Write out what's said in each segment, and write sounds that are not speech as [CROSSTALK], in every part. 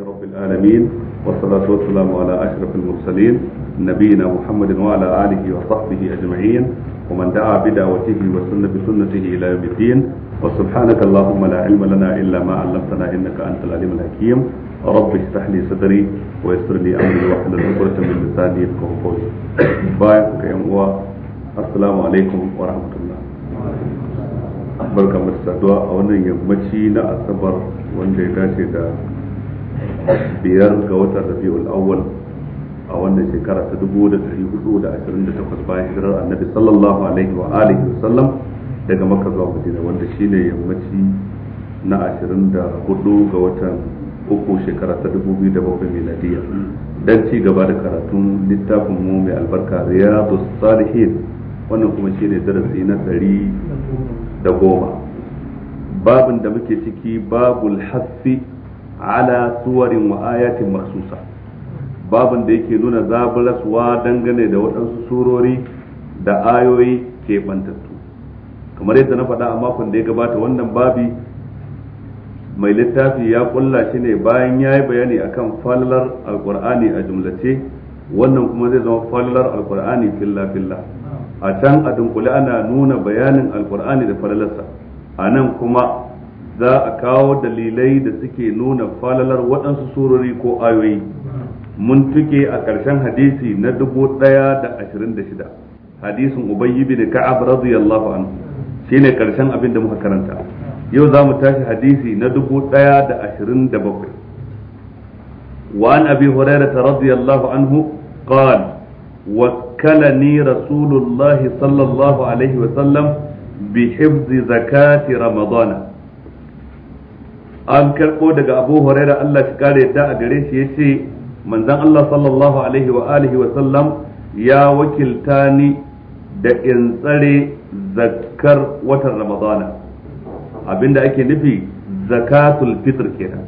رب العالمين والصلاة والسلام على أشرف المرسلين نبينا محمد وعلى آله وصحبه أجمعين ومن دعا بدعوته وسن بسنته إلى يوم الدين وسبحانك اللهم لا علم لنا إلا ما علمتنا إنك أنت العليم الحكيم رب اشرح لي صدري ويسر لي أمري واحلل عقدة من لساني يفقه قولي بارك السلام عليكم ورحمة الله barka mu saduwa a wannan yammaci na asabar wanda ya dace da biyar ga watan rabi'ul awwal a wannan shekara ta 1428 bayan hijirar annabi sallallahu alaihi wa alihi wa sallam daga makka zuwa madina wanda shine yammaci na 24 ga watan uku shekara ta 2007 miladiya dan ci gaba da karatun littafin mu mai albarka riyadus salihin wannan kuma shine darasi na da goma. babin da muke ciki babul hasfi ala suwarin wa ayatin maksusa babin da yake nuna zabulaswa dangane da waɗansu surori da ayoyi ke bantattu kamar yadda na faɗa a makon da ya gabata wannan babi mai littafi ya ƙulla shi ne bayan ya yi bayani akan falalar alkur'ani a jumlace wannan kuma zai zama falalar alkur'ani filla filla a can a dunkule ana nuna bayanin alkur'ani da falalarsa a nan kuma za a kawo dalilai da suke nuna falalar waɗansu surori ko ayoyi mun tuke a ƙarshen hadisi na dubu ɗaya da ashirin da shida hadisin ubayyi bin ka'ab radiyallahu anhu shine ƙarshen abin da muka karanta yau za mu tashi hadisi na dubu ɗaya da ashirin da bakwai وعن أبي هريرة رضي الله عنه قال وكلني رسول sallallahu alaihi wa sallam bi بحفظ zakati ramadana. an karɓo daga abu huraira Allah shi kare yadda a gare shi ya ce manzan Allah sallallahu alaihi wa alihi wa sallam ya wakilta ni da in tsare zakar watan ramadana abinda ake nufi zakatul fitr kenan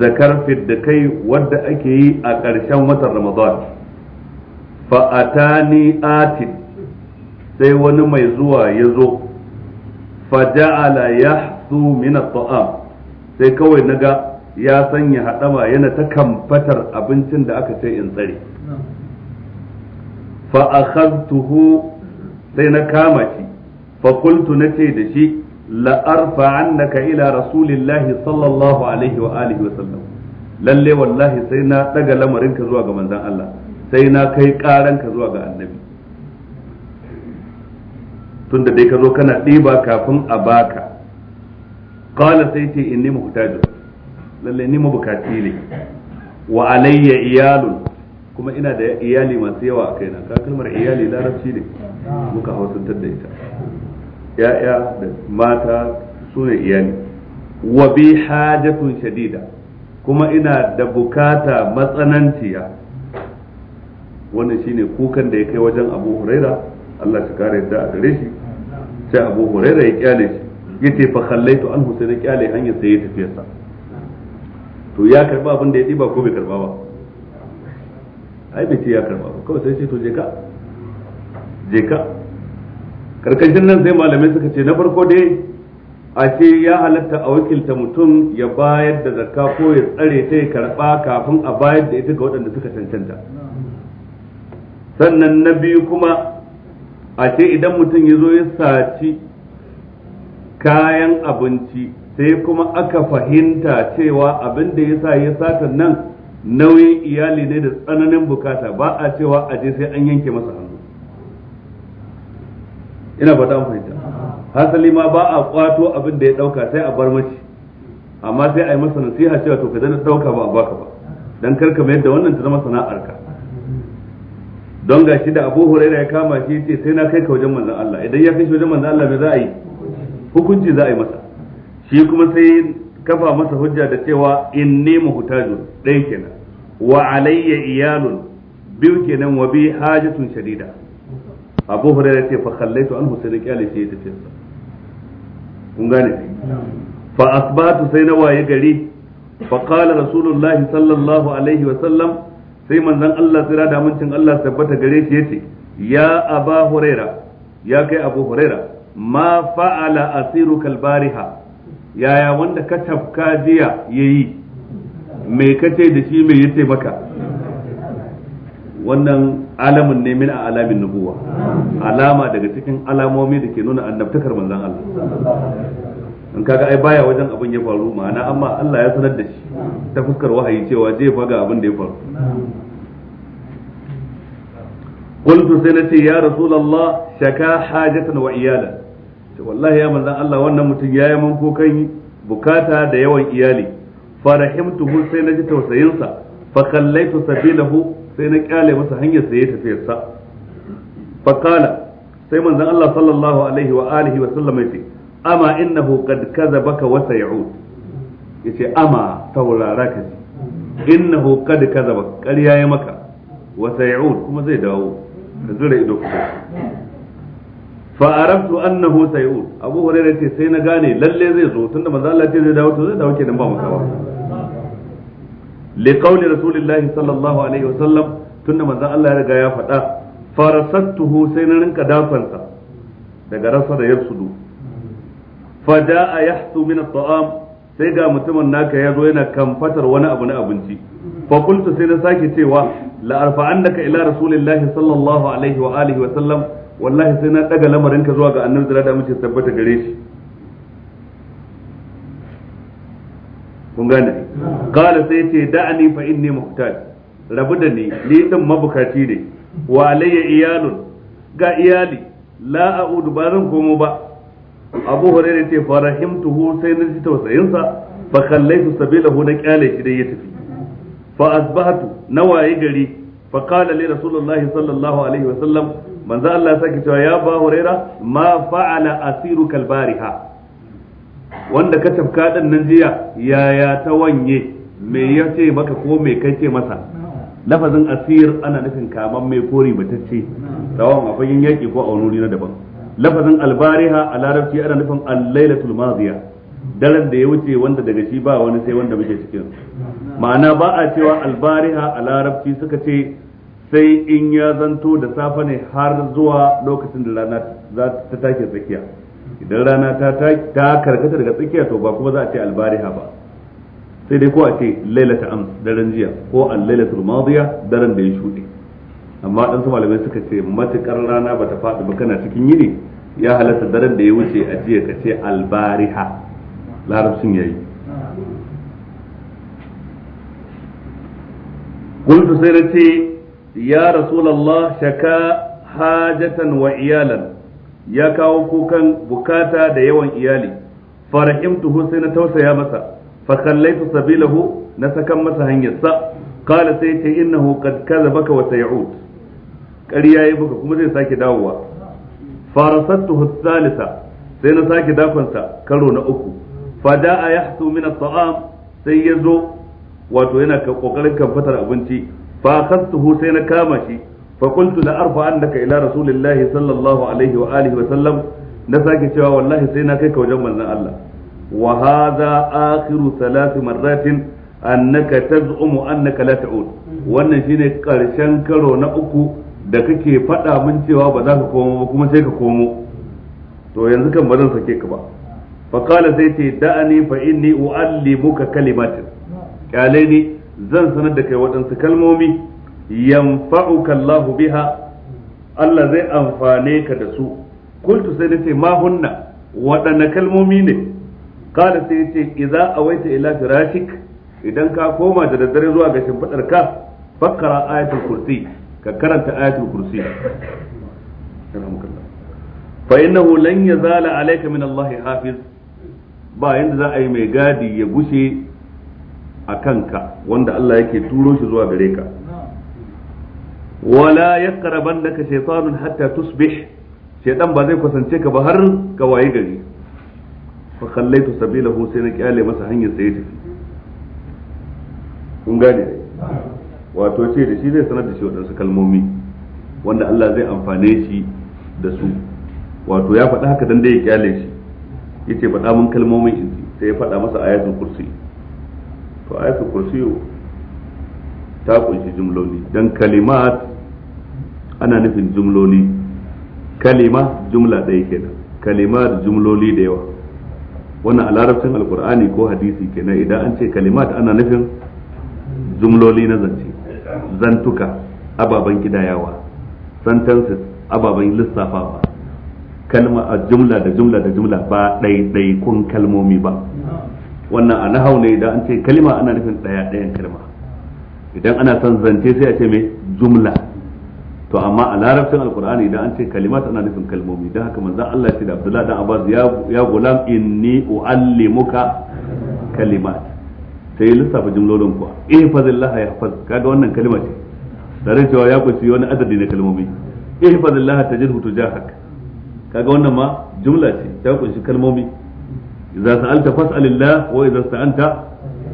zakar fidda kai wadda ake yi a ƙarshen watan ramadana fa atani atin sai wani mai zuwa ya zo fa ja'ala yahsu min taam sai kawai na ga ya sanya haɗama yana ta kamfatar abincin da aka ce in tsare fa akhadtuhu sai na kama shi fa na nace da shi la arfa'annaka ila rasulillahi sallallahu alaihi wa alihi wa sallam lalle wallahi sai na daga lamarinka zuwa ga manzon Allah sai na kai karanka zuwa ga annabi tunda dai ka zo kana ɗiba kafin a baka qala sai ce inni muhtajun lalle ni mabukaci ne wa alayya iyalun kuma ina da iyali masu yawa a kaina ka kalmar iyali larabci ne muka hausantar da ita ya'ya da mata su ne iyali wa bi hajatun shadida kuma ina da bukata matsananciya wannan ne kukan da ya kai wajen abu huraira Allah shi kare yadda a gare shi sai abu huraira ya kyale shi yace fa khallaitu anhu sai na kyale hanyar sai ya tafi sa to ya karba abin da ya diba ko bai karba ba ai bai ce ya karba ba kawai sai ce to je ka je ka karkashin nan sai malamai suka ce na farko dai a ce ya halatta a wakilta mutum ya bayar da zakka ko ya tsare ta ya karba kafin a bayar da ita ga waɗanda suka cancanta sannan na biyu kuma a ce idan mutum ya zo ya saci kayan abinci sai kuma aka fahimta cewa abin da yasa ya sata nan nauyin iyali ne da tsananin bukata ba a cewa je sai an yanke masa hannu ina ba an fahimta hasali ma ba a kwato abin da ya dauka sai a bar mashi amma sai a yi masa nasiha cewa to ka dana dauka ba a baka ba dan karka mayar da wannan ta zama sana'arka don gashi da Abu Hurairah ya kama shi ce sai na kai ka wajen manzon Allah idan ya kai shi wajen manzon Allah me za a yi hukunci za a yi masa shi kuma sai kafa masa hujja da cewa in inni muhtajun ɗaya kenan wa alayya iyalun biyu kenan wa bi hajatun shadida abu hurairah ce fa khallaitu an sai da kyale shi ya tafi kun gane fa asbatu sai na waye gari fa qala rasulullahi sallallahu alaihi wa sallam sai manzon Allah tsira da cin Allah tabbata gare shi yace ya aba hurairah ya kai abu hurairah ma fa'ala asiru kalbariha yaya wanda ka tafka jiya yayi me kace da shi me yace maka wannan alamin ne min a alamin nubuwa alama daga cikin alamomi da ke nuna annabtakar manzon Allah in kaga ai baya wajen abin ya faru ma'ana amma Allah ya sanar da shi ta fuskar wahayi cewa zai faga abin da ya faru قلت سنتي ya rasulullah shaka hajatan wa iyalan ce wallahi ya manzan Allah wannan mutum ya yi man kokan bukata da yawan iyali farahimtuhu sai na ji tausayinsa fa kallaitu sabilahu sai na kyale masa hanyar sa ya tafiyar sa fa qala sai manzon Allah sallallahu alaihi wa alihi wa sallam yace amma innahu qad kadzabaka wa sayud yace amma taurara ka ji innahu qad kadzabaka ƙarya ya maka wa sayud kuma zai dawo da zura ido kuka fa araftu annahu sayud abu hurairah ce sai na gane lalle zai zo tunda manzo Allah ce zai dawo to zai dawo kenan ba makawa li qawli rasulillahi sallallahu alaihi wasallam tunda manzo Allah ya riga ya faɗa farasattuhu sai na rinka dafansa daga rasa da yasudu fa da'a yahsu min at-ta'am sai ga mutumin naka ya zo yana kamfatar wani abu na abinci fa sai na sake cewa la ila rasulillahi sallallahu alaihi wa sallam wallahi sai na daga lamarin ka zuwa ga annabi da da muke tabbata gare shi kun gane qala sai ce da'ani fa inni muhtaj rabu da ni ni din mabukaci ne wa alayya iyalun ga iyali la a'udu ba zan komo ba abu hurairah ce fa sai na ji tausayin sa fa kallaitu sabilahu na kyale shi dai ya tafi fa asbahatu waye gari fa qala li sallallahu alaihi wa sallam manzo Allah sake saki cewa ya ba huraira ma fa'ala asiruka albariha wanda ka tafka din nan jiya yaya ta wanye me ya ce maka ko me kai ce masa lafazin asir ana nufin kaman mai kori batacce tsawon a fagen yaki ko a wani na daban lafazin albariha a larabci ana nufin allailatul maziya daren da ya wuce wanda daga shi ba wani sai wanda muke cikin ma'ana ba a cewa albariha a larabci suka ce sai in ya zanto da safe ne har zuwa lokacin da rana za ta take tsakiya idan rana ta ta karkata daga tsakiya to ba kuma za a ce albariha ba sai dai ko a ce lailata am daren jiya ko al-lailatul madiya daren da ya shuɗe amma dan su malamai suka ce matukar rana bata faɗi ba kana cikin yini ya halatta daren da ya wuce a jiya ka ce albariha larabcin yayi قلت سيرتي يا رسول الله شكا حاجة وعيالا يا كاو كوكان بكاتا دا يوان إيالي فرحمته سينا توسى يا مسا فخليت سبيله نسكم مسا هنجسا قال سيتي إنه قد كذبك وسيعود ƙarya ya buka kuma zai sake dawowa farasattu salisa sai na sake dakonsa karo na uku fada a yahsu min at-ta'am sai ya zo wato yana kokarin kamfatar abinci fa khastuhu sai na kama shi fa qultu la arfa annaka ila rasulillahi sallallahu alaihi wa alihi wa sallam na sake cewa wallahi sai na kai ka wajen manzon Allah wa hadha akhiru thalath marratin annaka taz'umu annaka la ta'ud wannan shine karshen karo na uku da kake faɗa min cewa ba za ka komo ba kuma sai ka komo to yanzu kan ba zan sake ka ba fa qala sai ce da'ani fa inni u'allimuka kalimatin kyale ni zan sanar da kai waɗansu kalmomi yanfa'uka Allahu biha Allah zai amfane ka da su kultu sai nace ma hunna waɗanne kalmomi ne kala sai yace idza awaita ila firashik idan ka koma da daddare zuwa ga shimfidar ka fakkara ayatul kursi ka karanta ayatul kursi fa innahu lan yazala alayka min Allah hafiz ba yanda za a yi mai gadi ya gushe a kanka wanda Allah yake turo shi zuwa gare ka wala yaqrabannaka shaytanun hatta tusbih shaytan ba zai kusance ka ba har ka waye gari fa khallaitu sabilahu sai na kyale masa hanyar sai ya tafi kun gane wato ce da shi zai sanar da shi waɗansu kalmomi wanda Allah zai amfane shi da su wato ya faɗa haka dan da ya kyale shi yace faɗa mun kalmomin sai ya faɗa masa ayatul kursi to ayatul kursi ta kunshi jumloli dan kalimat ana nufin jumloli kalima jumla ɗaya kenan kalimat jumloli da yawa wannan a larabcin alkur'ani ko hadisi kenan idan an ce kalimat ana nufin jumloli na zance zantuka ababen gidayawa sentences ababen lissafawa kalma a jumla da jumla da jumla ba ɗaiɗaikun kalmomi ba wannan a nahau ne idan an ce kalima ana nufin ɗaya ɗayan kalma idan ana son zance sai a ce mai jumla to amma a larabcin alkur'ani idan an ce kalimat ana nufin kalmomi don haka manzon Allah ce da Abdullahi dan Abbas ya ya gulam inni uallimuka kalimat sai lissafa jumlolin kuwa eh fazillah ya faz kaga wannan kalma ce tare cewa ya kunshi wani adadi na kalmomi eh fazillah tajidhu tujahak kaga wannan ma jumla ce ta kunshi kalmomi idza sa'alta fas'alillah wa idza sta'anta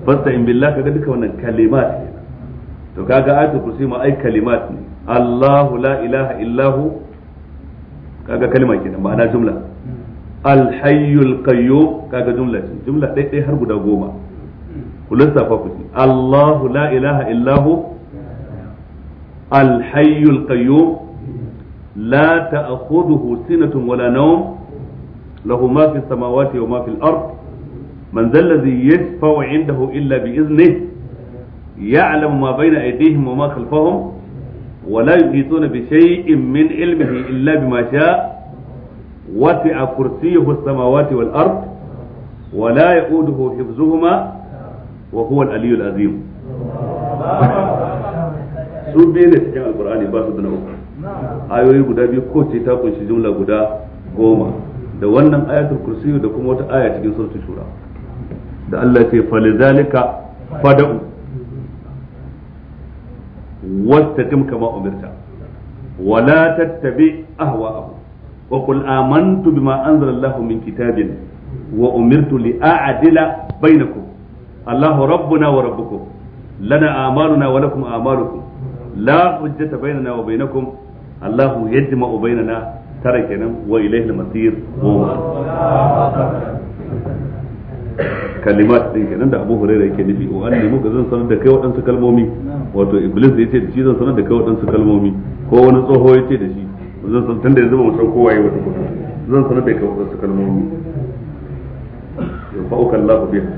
fasta'in billah kaga duka wannan kalimat to kaga ayatul kursi ma ai kalimat ne Allahu la ilaha illahu kaga kalma kenan ma'ana jumla al-hayyul kaga jumla ce jumla dai har guda goma ku lissafa ku Allahu la ilaha illahu al wala nawm له ما في السماوات وما في الأرض من ذا الذي يشفع عنده إلا بإذنه يعلم ما بين أيديهم وما خلفهم ولا يحيطون بشيء من علمه إلا بما شاء وسع كرسيه السماوات والأرض ولا يؤوده حفظهما وهو العلي العظيم su biyu ne cikin alkur'ani ba su da na uku ayoyi guda biyu ko ce ta kunshi jumla guda goma da wannan ayatul kursi da kuma wata aya cikin suratul shura da Allah ce falizalika fada'u wastaqim kama umirta wala tattabi ahwa'ahum wa qul amantu bima anzala Allah min kitabin wa umirtu li a'dila bainakum Allahu rabbuna wa rabbukum lana amaluna wa lakum amalukum la hujjata bainana wa bainakum Allahu yajma'u bainana tara kenan wa ilaihi al-masir goma kalimat din kenan da Abu Hurairah yake nufi wa anni muka zan sanar da kai waɗansu kalmomi wato iblis da yace da shi zan sanar da kai waɗansu kalmomi ko wani tsoho yace da shi zan sanar tunda yanzu ba mu san kowa yayi wata kuma zan sanar da kai waɗansu kalmomi ya fa'uka Allah biha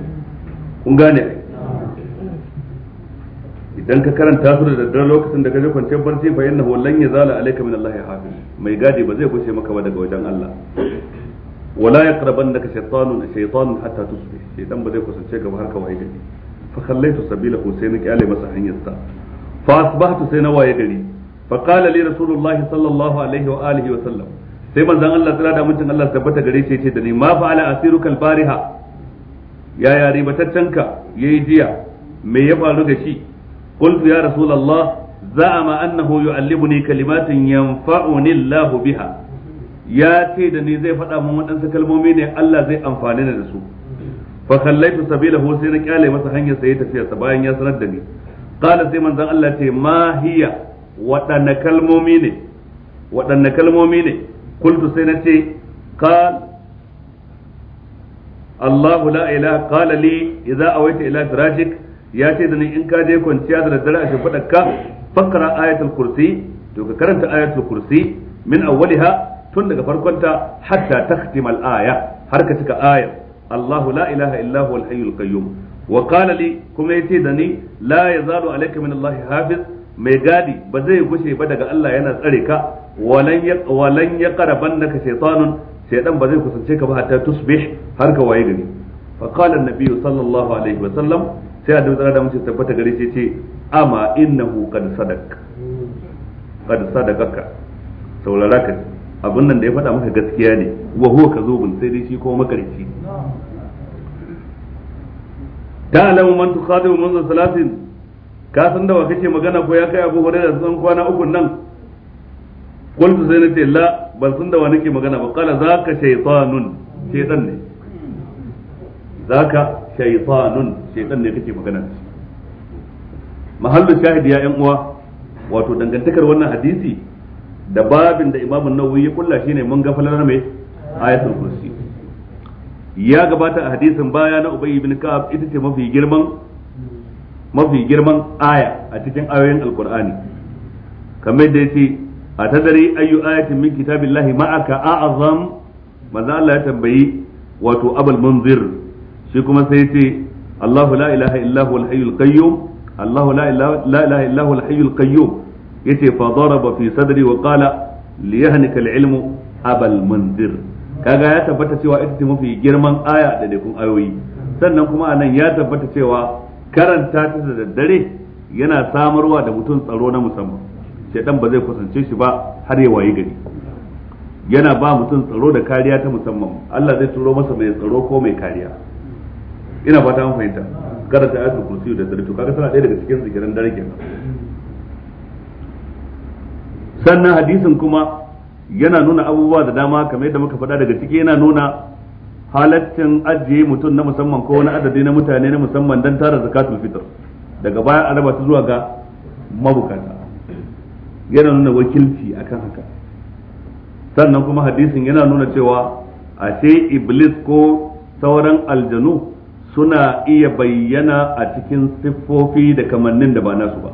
kun gane idan ka karanta su da daddare lokacin da ka je kwanciyar barci fa innahu lan yazala alayka min Allah hafiz mai gadi ba zai gushe maka ba daga wajen Allah wala yaqrabannaka shaytanun shaytanun hatta tusbih idan ba zai kusance gaba har ka waye gari fa khallaitu Sabila sai na kyale masa hanyarsa fa asbahtu sai na waye gari fa qala li rasulullahi sallallahu alaihi wa alihi wa sallam sai manzon Allah tsira da mutun Allah tabbata gare shi ce da ni ma fa'ala asirukal bariha ya ya ribataccenka yayi jiya me ya faru da shi قلت يا رسول الله زعم أنه يعلمني كلمات ينفعني الله بها ya ce da ni zai faɗa min waɗansu kalmomi ne Allah zai amfani da su fa khallaitu sabilahu sai na kyale masa hanyar sai tafiyarsa bayan ya sanar da ni qala sai manzon Allah ce ma hiya waɗanne kalmomi ne kultu sai na ce qal Allah la ilaha qala li idza ila firashik ya ce da ni in ka je kwanciya da daddare a shimfiɗar ka fakara ayatul kursi to ka karanta ayatul kursi min awwaliha tun daga farkonta hatta takhtima al-aya har ka cika ayar Allahu la ilaha illa huwal hayyul qayyum wa qala li kuma yace da ni la yazalu alayka min hafiz mai gadi ba zai gushe ba daga Allah yana tsare ka walan ya walan ya qarabannaka shaytanun shaytan ba zai kusance ka ba hatta tusbih har ka waye gari fa qala an-nabiy sallallahu alaihi wa sallam sai a tsara da mace tabbata gare shi ce amma innahu qad sadaq sadaka sadaqaka saurara ka abin nan da ya faɗa maka gaskiya ne wa huwa bin sai dai shi ko al'amu mantu man tukhadimu manzo salatin ka san da wa kake magana ko ya kai Abu da san kwana uku nan qultu sai nace la ban san da wa nake magana ba qala zaka shaytanun shaytan ne zaka shaytanun shaytan ne kake magana da shi mahallu shahidi ya yan uwa wato dangantakar wannan hadisi da babin da imamun nawawi ya kulla shine mun ga falalar mai ayatul kursi ya gabata a hadisin baya na ubay ibn ka'ab ita ce mafi girman mafi girman aya a cikin ayoyin al'kur'ani kamar da yace a tadari ayu ayatin min kitabillahi ma'aka a'azam manzo Allah ya tambayi wato abul munzir shi kuma sai ce Allahu la ilaha illahu huwal hayyul qayyum Allahu la ilaha illahu huwal hayyul qayyum yace fa daraba fi sadri wa qala liyahnika al-ilmu abal mundir. kaga ya tabbata cewa ita ce mafi girman aya da dukkan ayoyi sannan kuma anan ya tabbata cewa karanta ta da daddare yana samarwa da mutum tsaro na musamman shedan ba zai kusance shi ba har ya wayi gari yana ba mutum tsaro da kariya ta musamman Allah zai turo masa mai tsaro ko mai kariya ina fata mun fahimta karanta ayatul kursi da tsari to kaga tana ɗaya daga cikin zikiran dare kenan sannan hadisin kuma yana nuna abubuwa da dama kamar yadda muka faɗa daga ciki yana nuna halaccin ajiye mutum na musamman ko wani adadi na mutane na musamman don tara zakatul fitr daga baya a raba zuwa ga mabukata yana nuna wakilci akan haka sannan kuma hadisin yana nuna cewa ashe iblis ko sauran aljanu suna iya bayyana a cikin siffofi da kamannin da ba nasu ba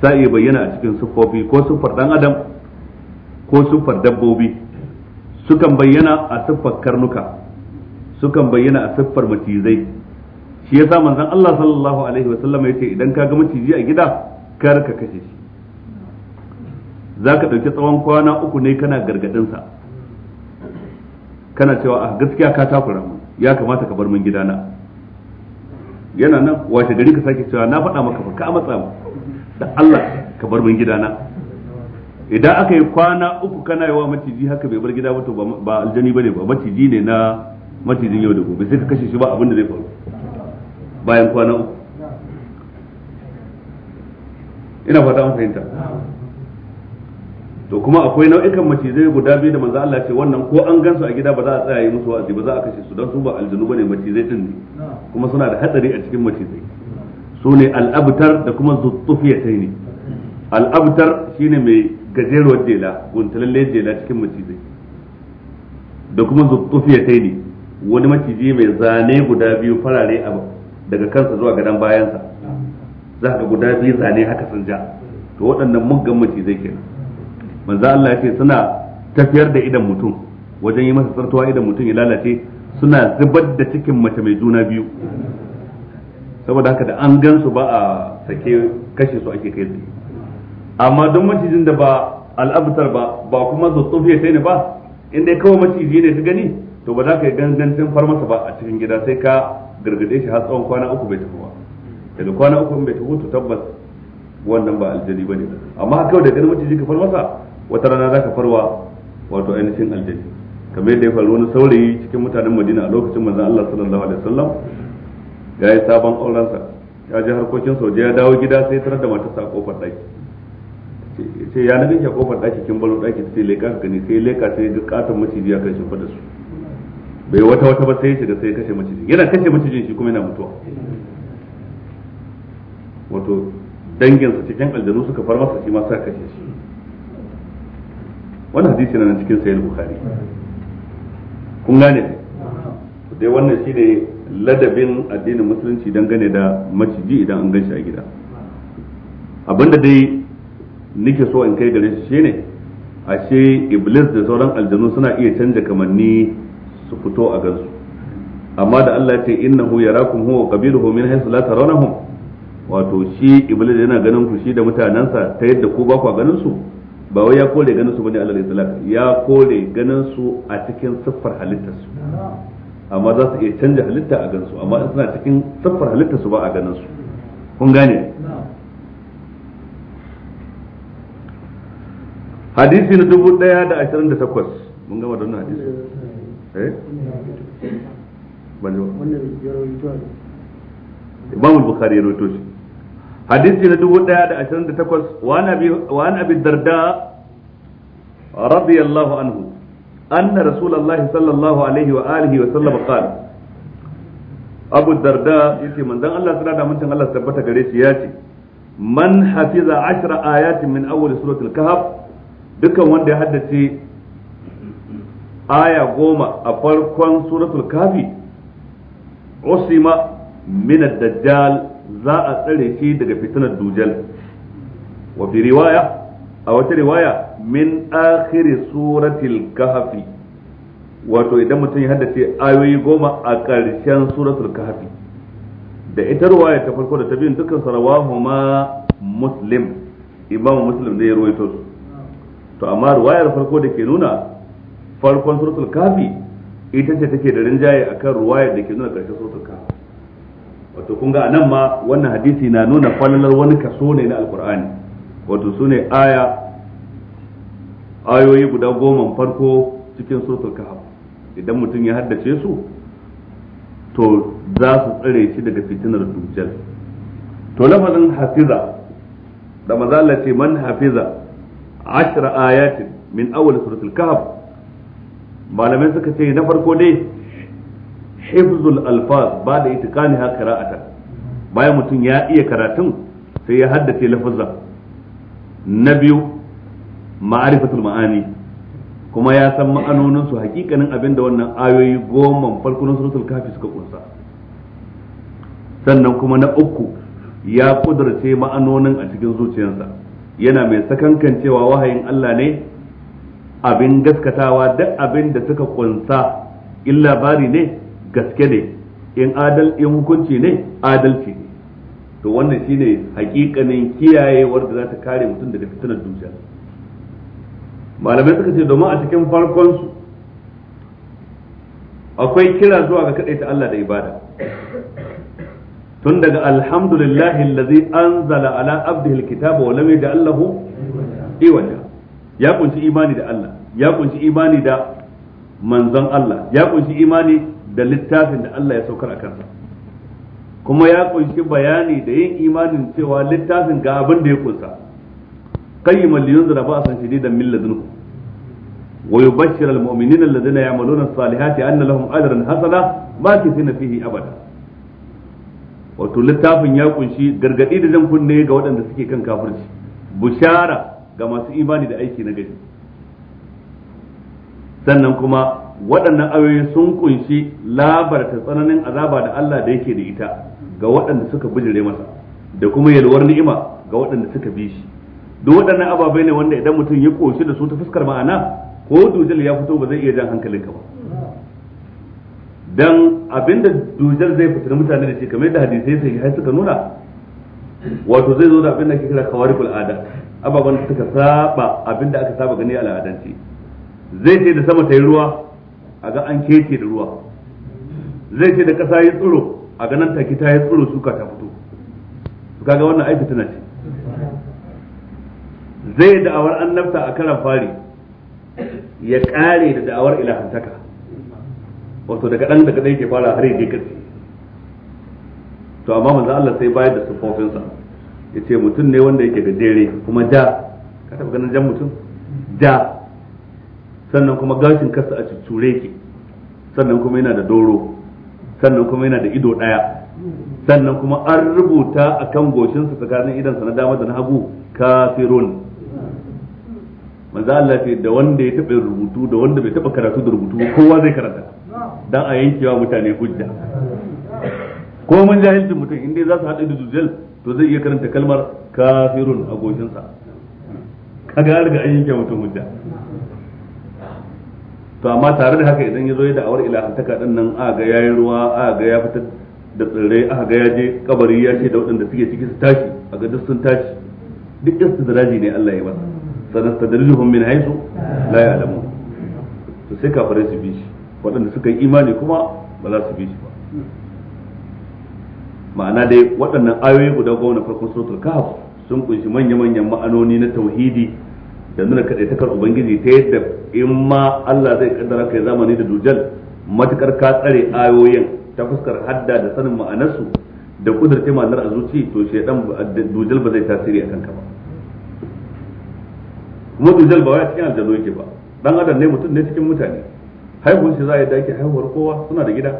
sa iya bayyana a cikin siffofi ko siffar dan adam ko siffar dabbobi sukan bayyana a siffar karnuka sukan bayyana a siffar macizai shi ya yasa manzon Allah sallallahu alaihi wa sallam yace idan ka ga maciji a gida kar ka kashe shi zaka ɗauki tsawon kwana uku ne kana gargadin kana cewa a ah, gaskiya ka takura mu ya kamata ka bar min gidana yana nan wace gari ka sake cewa na faɗa maka ka matsa mu da Allah ka bar min gidana idan aka yi kwana uku kana yawa maciji haka bai bar gida ba to ba aljani bane ba maciji ne na macijin yau da gobe sai ka kashe shi ba abin da zai faru bayan kwana uku ina fata an fahimta to kuma akwai nau'ikan macizai guda biyu da manzo Allah ce wannan ko an gansu a gida ba za a tsaya yi musu wa'azi ba za a kashe su don su ba aljunuba ne macizai din ne kuma suna da hadari a cikin macizai su ne al'abtar da kuma zutsufiyatai ne al'abtar shine mai gajeruwar jela guntalalle jela cikin macizai da kuma zutsufiyatai ne wani maciji mai zane guda biyu farare daga kansa zuwa gadon bayansa za ka guda biyu zane haka sun ja to waɗannan muggan macizai kenan manzo Allah ya ce suna tafiyar da idan mutum wajen yi masa tsartuwa idan mutum ya lalace suna zubar da cikin mace mai juna biyu saboda haka da an gan su ba a sake kashe su ake kai amma don macijin da ba al'abtar ba ba kuma zutsufiya sai ne ba inda ya kawo maciji ne ta gani to ba za ka yi gangancin far masa ba a cikin gida sai ka gargade shi har tsawon kwana uku bai tafi ba daga kwana uku bai tafi to tabbas wannan ba aljali ne. amma haka da gani maciji ka far masa wata rana ka farwa wato ainihin aljani kamar yadda ya faru wani saurayi cikin mutanen Madina a lokacin manzon Allah sallallahu alaihi wasallam ya yi sabon aurensa ya ji harkokin soja ya dawo gida sai tarar da matarsa a kofar daki sai ya nufin ke a kofar daki kin balo daki sai leka ka gani sai leka sai ga katon maciji ya kashe shi fada su bai wata wata ba sai ya shiga sai kashe maciji yana kashe macijin shi kuma yana mutuwa wato danginsa cikin aljanu suka far masa shi ma suka kashe shi wannan hadisi na cikin sahih bukhari kun gane dai wannan shine ladabin addinin musulunci gane da maciji idan an ganshi a gida abinda dai nake so in kai gare shi shine ashe iblis da sauran aljanu suna iya canja kamanni su fito a gansu amma da Allah ya ce innahu yarakum huwa qabiluhu min haythu la tarawnahum wato shi iblis yana ganin ku shi da mutanansa ta yadda ku ba ku ganin su ba wai ya kore ganin su bane Allah itlaq ya kore ganin su a cikin siffar halittar su amma za su iya canja halitta a gansu amma in suna cikin siffar halittar su ba a ganin su kun gane hadisi na dubu daya da ashirin da takwas mun gama da wannan hadisi eh ban ji ba imam bukhari ya rawaito shi hadisi na dubu ɗaya da ashirin da takwas wa an abi darda radiyallahu anhu anna rasulullahi sallallahu alaihi wa alihi wa sallam qala abu darda yace manzon Allah suna da mutun Allah tabbata gare shi yace man hafiza ashra ayatin min awwal suratul kahf dukan wanda ya haddace aya goma a farkon suratul kahfi usima min ad za a tsare shi daga fitinar dujal wa fi riwaya a wata riwaya min akhir suratil kahf wato idan mutum ya haddace ayoyi goma a ƙarshen suratul kahf da ita riwaya ta farko da ta biyun dukkan ma muslim imamu muslim da ya ruwaito su to amma riwayar farko da ke nuna farkon suratul kahf ita ce take da rinjaye akan riwayar da ke nuna ƙarshen suratul kahf wato kun ga anan ma wannan hadisi na nuna falalar wani kaso ne na alkur'ani wato su aya ayoyi guda goma farko cikin suratul kahf idan mutum ya haddace su to za su tsare shi daga fitinar dujjal to lafazin hafiza da mazala ce man hafiza ashra ayatin min awwal suratul kahf malamai suka ce na farko dai hifzul alfaz ba da itikani ha qira'atan bayan mutum ya iya karatun sai ya haddace lafazza na biyu ma'arifatul ma'ani kuma ya san ma'anonin su hakikanin abin wannan ayoyi goma farko na suratul kafi suka kunsa sannan kuma na uku ya kudurce ma'anonin a cikin zuciyarsa yana mai sakankan cewa wahayin Allah ne abin gaskatawa duk abin da suka kunsa illa bari ne gaske ne in adal in hukunci ne adalci ne to wannan shine hakikanin kiyaye wanda za ta kare mutum daga fitinar dukiya malamai suka ce domin a cikin farkon su akwai kira zuwa ga kadaita Allah da ibada tun daga alhamdulillahi allazi anzala ala abdihi alkitaba wa lam yaj'al lahu iwaja ya kunshi imani da Allah ya kunshi imani da manzon Allah ya kunshi imani da littafin da Allah ya saukar a kansa kuma ya ƙunshi bayani da yin imanin cewa littafin ga abin da ya kunsa ba a san shi da min ladunhu wa yubashshira al alladhina ya'maluna as-salihati anna lahum ajran hasana ma kithina fihi abada wato littafin ya kunshi gargadi da jan kunne ga waɗanda suke kan kafirci bushara ga masu imani da aiki na gari sannan kuma waɗannan ayoyi sun kunshi ta tsananin azaba da Allah da yake da ita ga waɗanda suka bijire masa da kuma yalwar ni'ima ga waɗanda suka bi shi duk waɗannan ababai ne wanda idan mutum ya koshi da su ta fuskar ma'ana ko dujal ya fito ba zai iya jan hankalinka ba dan abinda dujal zai fitar mutane da shi kamar da hadisi sai sai suka nuna wato zai zo da abin ake ke kira kawarikul ada ababan da suka saba abin da aka saba gani al'adanci al'adance zai ce da sama ta yi ruwa a ga an kece da ruwa zai ce da kasa yi tsiro a ga nan take ta yi tsiro suka ta fito su kaga wannan aiki tana ce zai da'awar annabta a karan fari ya kare da da'awar ilahantaka wato daga dan daga dai ke fara har yake je to amma manzo Allah sai bayar da sa yace mutum ne wanda yake da dare kuma da ka taba ganin jan mutum da sannan kuma gashin kasa a cicture yake sannan kuma yana da doro sannan kuma yana da ido daya sannan kuma an rubuta a kan goshinsa tsakanin idansa na dama da na hagu kafirun manzo Allah ce da wanda ya taɓa rubutu da wanda bai taɓa karatu da rubutu kowa zai karanta dan a yankewa mutane hujja ko mun jahilcin mutum inda za su haɗu da jujjal to zai iya karanta kalmar kafirun a goshinsa kaga an riga an yanke mutum hujja to amma tare da haka idan ya zo ya da'awar ilahantaka din nan a ga yayi ruwa a ga ya fitar da tsirrai a ga ya je kabari ya ce da waɗanda suke ciki su tashi a ga duk sun tashi duk istidraji ne Allah ya masa sanastadrijuhum min haythu la ya'lamun to sai kafare su bi shi waɗanda suka yi imani kuma ba za su bi shi ba ma'ana dai waɗannan ayoyi guda goma na farkon suratul kahf sun kunshi manya-manyan ma'anoni na tauhidi yanzu da kaɗai takar ubangiji ta yadda in ma Allah zai kaddara kai zamani da dujal matukar ka tsare ayoyin ta fuskar hadda da sanin ma'anarsu da kudurce ma'anar a zuci to shaidan dujal ba zai tasiri a kanka ba kuma dujal ba wai cikin aljanu yake ba dan adam ne mutum ne cikin mutane haihuwar shi za a yi daki haihuwar kowa suna da gida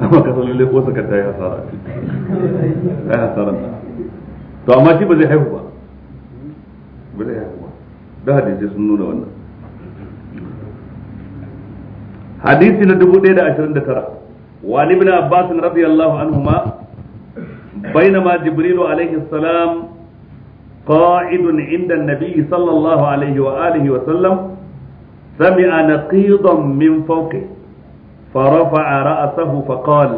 amma kasar lalle ko sakar ta yi hasara ta yi hasaran to amma shi ba zai haihu ba ba zai haka ba da hadisai sun nuna wannan hadisi na 1029 wa ibn abbas radiyallahu anhuma بينما جبريل عليه السلام قاعد عند النبي صلى الله عليه وآله وسلم سمع نقيضا من فوقه فرفع رأسه فقال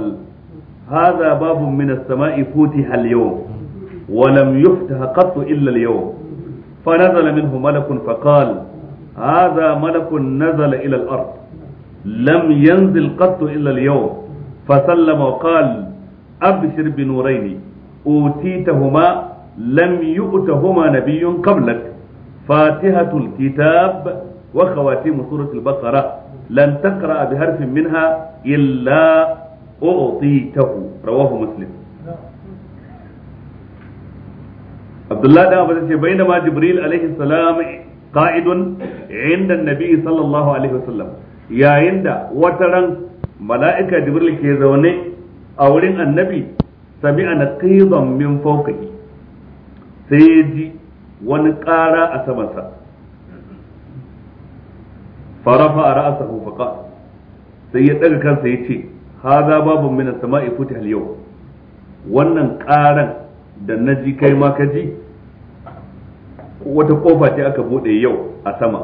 هذا باب من السماء فتح اليوم ولم يفتح قط إلا اليوم فنزل منه ملك فقال هذا ملك نزل إلى الأرض لم ينزل قط إلا اليوم فسلم وقال أبشر بنورين أوتيتهما لم يؤتهما نبي قبلك فاتحة الكتاب وخواتيم سورة البقرة لن تقرأ بحرف منها إلا أعطيته رواه مسلم abdullahi da abu ce bai da jibril alaihi salam qa'idun inda annabi sallallahu alaihi wasallam yayin da wata ran mala'ika jibril ke zaune a wurin annabi sami'a naqidan min fawqihi sai ya ji wani ƙara a samansa farafa a ra'asahu faqa sai ya ɗaga kansa ya ce haza babu min as yau wannan ƙaran da na ji kai ma ka ji wata kofa ce aka bude yau a sama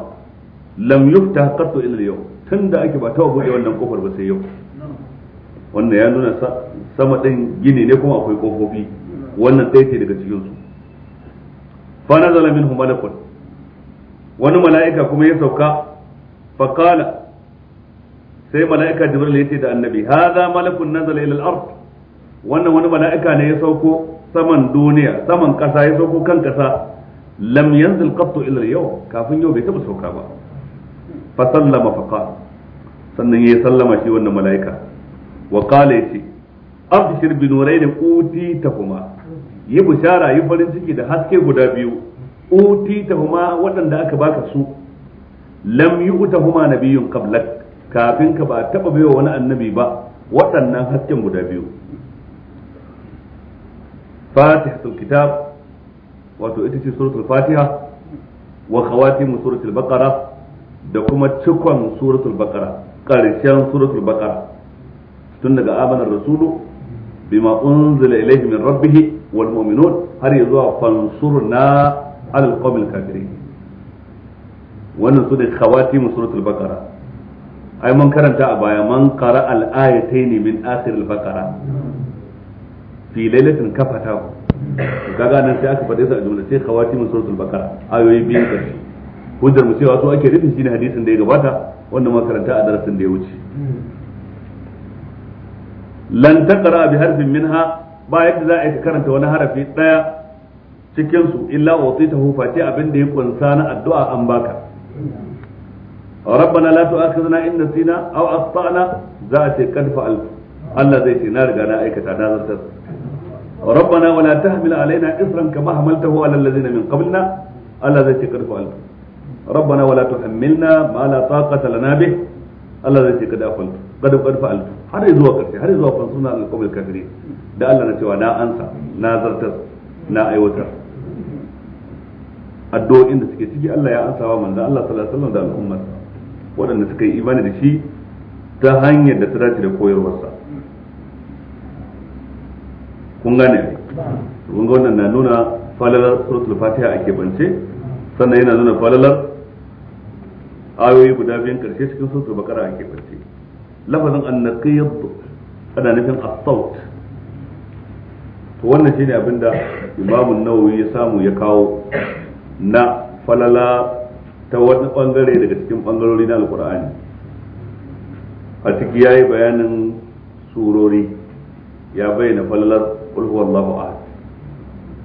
lam yufta qattu illa yau tunda ake ba ta bude wannan kofar ba sai yau wannan ya nuna sama din gini ne kuma akwai kofofi wannan ɗaya ce daga cikin su fa nazala minhu malakun wani mala'ika kuma ya sauka fa qala sai mala'ika jibril ya ce da annabi hadha malakun nazala ila al-ard wannan wani mala'ika ne ya sauko saman duniya saman kasa ya sauko kan kasa lam yanzil qattu ila yau kafin yau bai taba sauka ba fa sallama fa qala sannan yayi sallama shi wannan malaika wa qala yace abshir bi nurayn uti tahuma yi bushara yi farin ciki da haske guda biyu uti tahuma waɗanda aka baka su lam yu'tahuma nabiyyun qablak kafin ka ba taba baiwa wani annabi ba waɗannan hasken guda biyu fatihatul kitab wato ita ce suratul fatiha wa khawatimu suratul baqara da kuma cikon suratul baqara karshen suratul baqara tun daga amanar rasulu bima unzila ilayhi min rabbih wal mu'minun har ya zuwa fansurna alal qawmil kafirin wannan su ne khawatimu suratul baqara ai mun karanta a baya man qara al ayatayn min akhir bakara. fi lailatin kafatahu kaga nan sai aka faɗe su a jumla sai khawatimin suratul baqara ayoyi biyu karshe hujjar mu cewa su ake nufin shine hadisin da ya gabata wanda makaranta a darasin da ya wuce lan taqra bi harfin minha ba yadda za a yi karanta wani harafi daya cikin su illa wasitahu fati abin da ya kunsa na addu'a an baka rabbana la tu'akhidhna in nasina aw akhtana za a ce kad fa'al Allah zai ce na riga na aikata na zartar ربنا ولا تحمل علينا إصرا كما حملته على الذين من قبلنا ألا ذات قد فعلت ربنا ولا تحملنا ما لا طاقة لنا به ألا ذات قد فعلت قد قد فعلت har zuwa karshe har zuwa fansu na alƙawar kafiri da Allah na cewa na ansa na zartar na aiwatar addu'o'in da suke ciki Allah ya ansa wa manzon Allah sallallahu alaihi da al'ummar waɗanda suka yi imani da shi ta hanyar da ta dace da koyarwarsa kun gane ne kun ga wannan na nuna falalar suratul fatiha a bance sannan yana nuna falalar ayoyi guda biyan karshe cikin suratul bakara a bance lafazin annaqiyad ana nufin as-saut to wannan shine abinda an nawawi ya samu ya kawo na falala ta wani bangare daga cikin bangarori na alkur'ani a ciki ya bayanin surori ya bayyana falalar qul huwallahu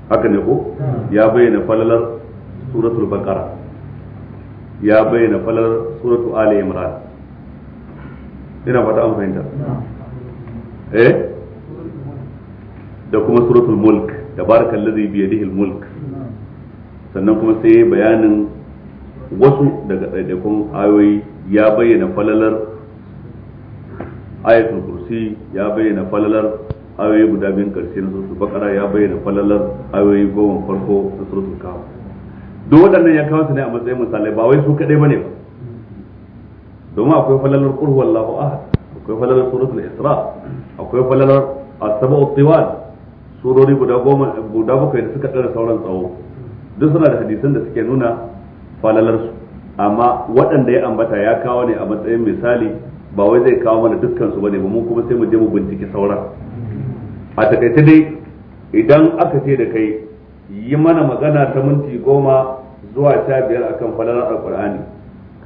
haka ne ko ya bayyana falalar suratul baqara ya bayyana falalar suratul ali imran ina fata an fahimta eh da kuma suratul mulk tabarakal ladzi bi yadihi al mulk sannan kuma sai bayanin wasu daga ɗaiɗaikun ayoyi ya bayyana falalar ayatul kursi ya bayyana falalar ayoyi guda biyun karshe na suratul bakara ya bayyana falalar ayoyi goma farko na suratul kawo duk waɗannan ya kawo su ne a matsayin misalai ba wai su kadai bane ba domin akwai falalar qul huwallahu ahad akwai falalar na isra akwai falalar as-sab'u surori guda goma guda bakwai da suka ɗara sauran tsawo duk suna da hadisan da suke nuna falalarsu amma waɗanda ya ambata ya kawo ne a matsayin misali ba wai zai kawo mana dukkan su bane ba Mun kuma sai mu je mu bincike sauran a takaice dai idan aka ce da kai yi mana magana ta minti goma zuwa sha biyar akan falalar alkur'ani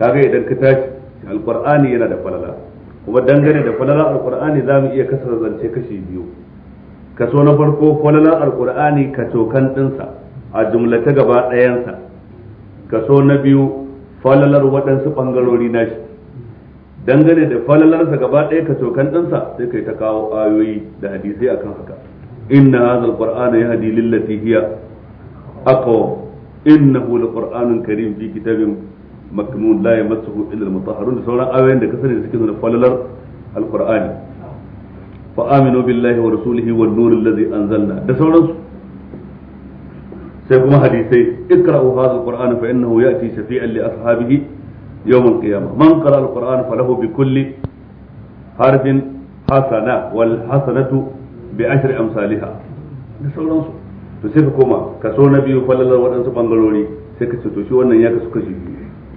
kaga idan ka tashi alkur'ani yana da falala kuma dangane da falalar alkur'ani za mu iya kasar zance kashi biyu kaso na farko falalar alkur'ani ka kacokan ɗinsa a jumlata gaba ɗayansa kaso na biyu falalar waɗansu ɓangarori na shi. dangane da falalarsa gaba ɗaya ka cokan ɗinsa sai kai ta kawo ayoyi da hadisai akan haka inna hadha alqur'ana yahdi lillati hiya aqwa innahu alqur'anun karim fi kitabin maknun la yamassuhu illa almutahharun da sauran ayoyin da ka sani da suke da falalar alqur'ani fa aminu billahi wa rasulihi wan nur alladhi anzalna da sauransu sai kuma hadisai ikra'u hadha alqur'ana fa innahu ya'ti shafi'an li ashabihi يوم القيامة من قرأ القرآن فله بكل حرف حسنة والحسنة بعشر أمثالها na biyu falalar waɗansu ɓangarori sai ka ce wannan ya kasu kashi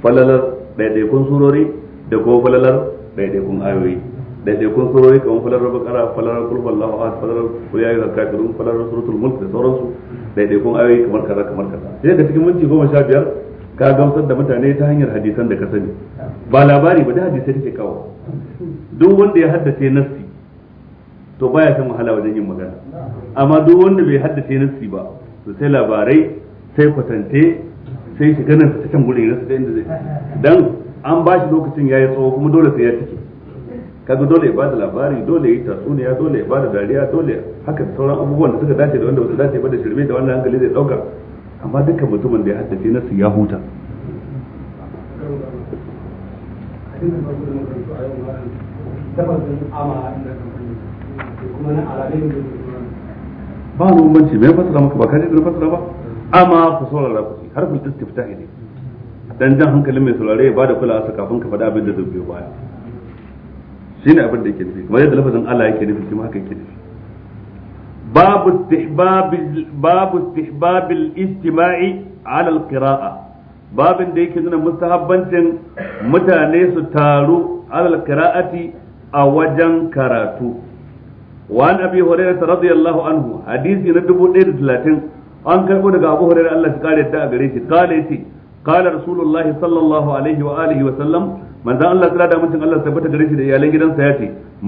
falalar ɗaiɗaikun surori da kuma falalar ɗaiɗaikun minti goma sha biyar ka gamsar da mutane ta hanyar hadisan da ka sani ba labari ba da hadisai take kawo duk wanda ya haddace nassi to baya san wahala wajen yin magana amma duk wanda bai haddace nassi ba to sai labarai sai kwatante sai shi ganin ta can gurin nasu da inda zai dan an ba shi lokacin yayi tsawo kuma dole sai ya cike kaga dole ya ba da labari dole ya tatsuniya dole ya ba da dariya dole haka da sauran abubuwan da suka dace da wanda ba su dace ba da shirme da wannan hankali zai dauka amma dukkan mutumin da ya haddace nasu ya huta ba wani bambanci mai fasara maka ba kaje da fasara ba amma ku saurara ku ci ta ne dan jan hankalin mai saurare ya bada kula asa kafin ka faɗa abin da zai biyo baya ne abin da yake nufi kamar yadda lafazin Allah yake nufi shi ma haka yake nufi babu istihbabil babu istihbabil istima'i ala babin da yake nuna mustahabbancin mutane su taru ala alqira'ati a wajen karatu وعن أبي هريرة رضي الله عنه حديث ندبو إيد ثلاثين an karbo daga abu hurairah Allah ya kare da gare shi kale yace kala rasulullahi sallallahu alaihi wa alihi wa sallam manzon Allah tsira da mutum Allah tabbata gare shi da iyalan gidansa yace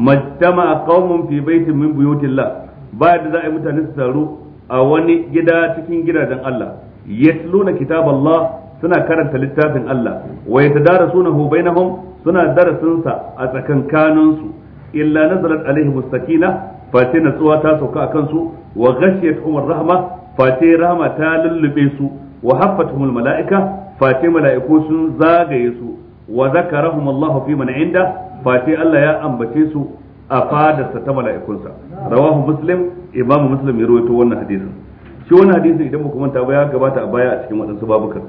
majtama qaumun fi min buyutillah ba da za a yi mutane su taru a wani gida cikin gidajen Allah yatluna kitaballah suna karanta littafin Allah wa yatadarasunahu bainahum suna darasin sa a tsakankanin su illa nazalat alaihim sakina fati natsuwa ta sauka a kansu, wa ghashiyat umar rahma fati rahma ta lullube su wa haffatuhumul malaika fati mala'iku sun zagaye su wa zakarahum Allah fi man inda fati Allah ya ambace su a fadarsa ta mala'ikunsa rawahu muslim imam muslim ya rawaito wannan hadisin shi wannan hadisin idan muka manta ba ya gabata a baya a cikin waɗansu babukan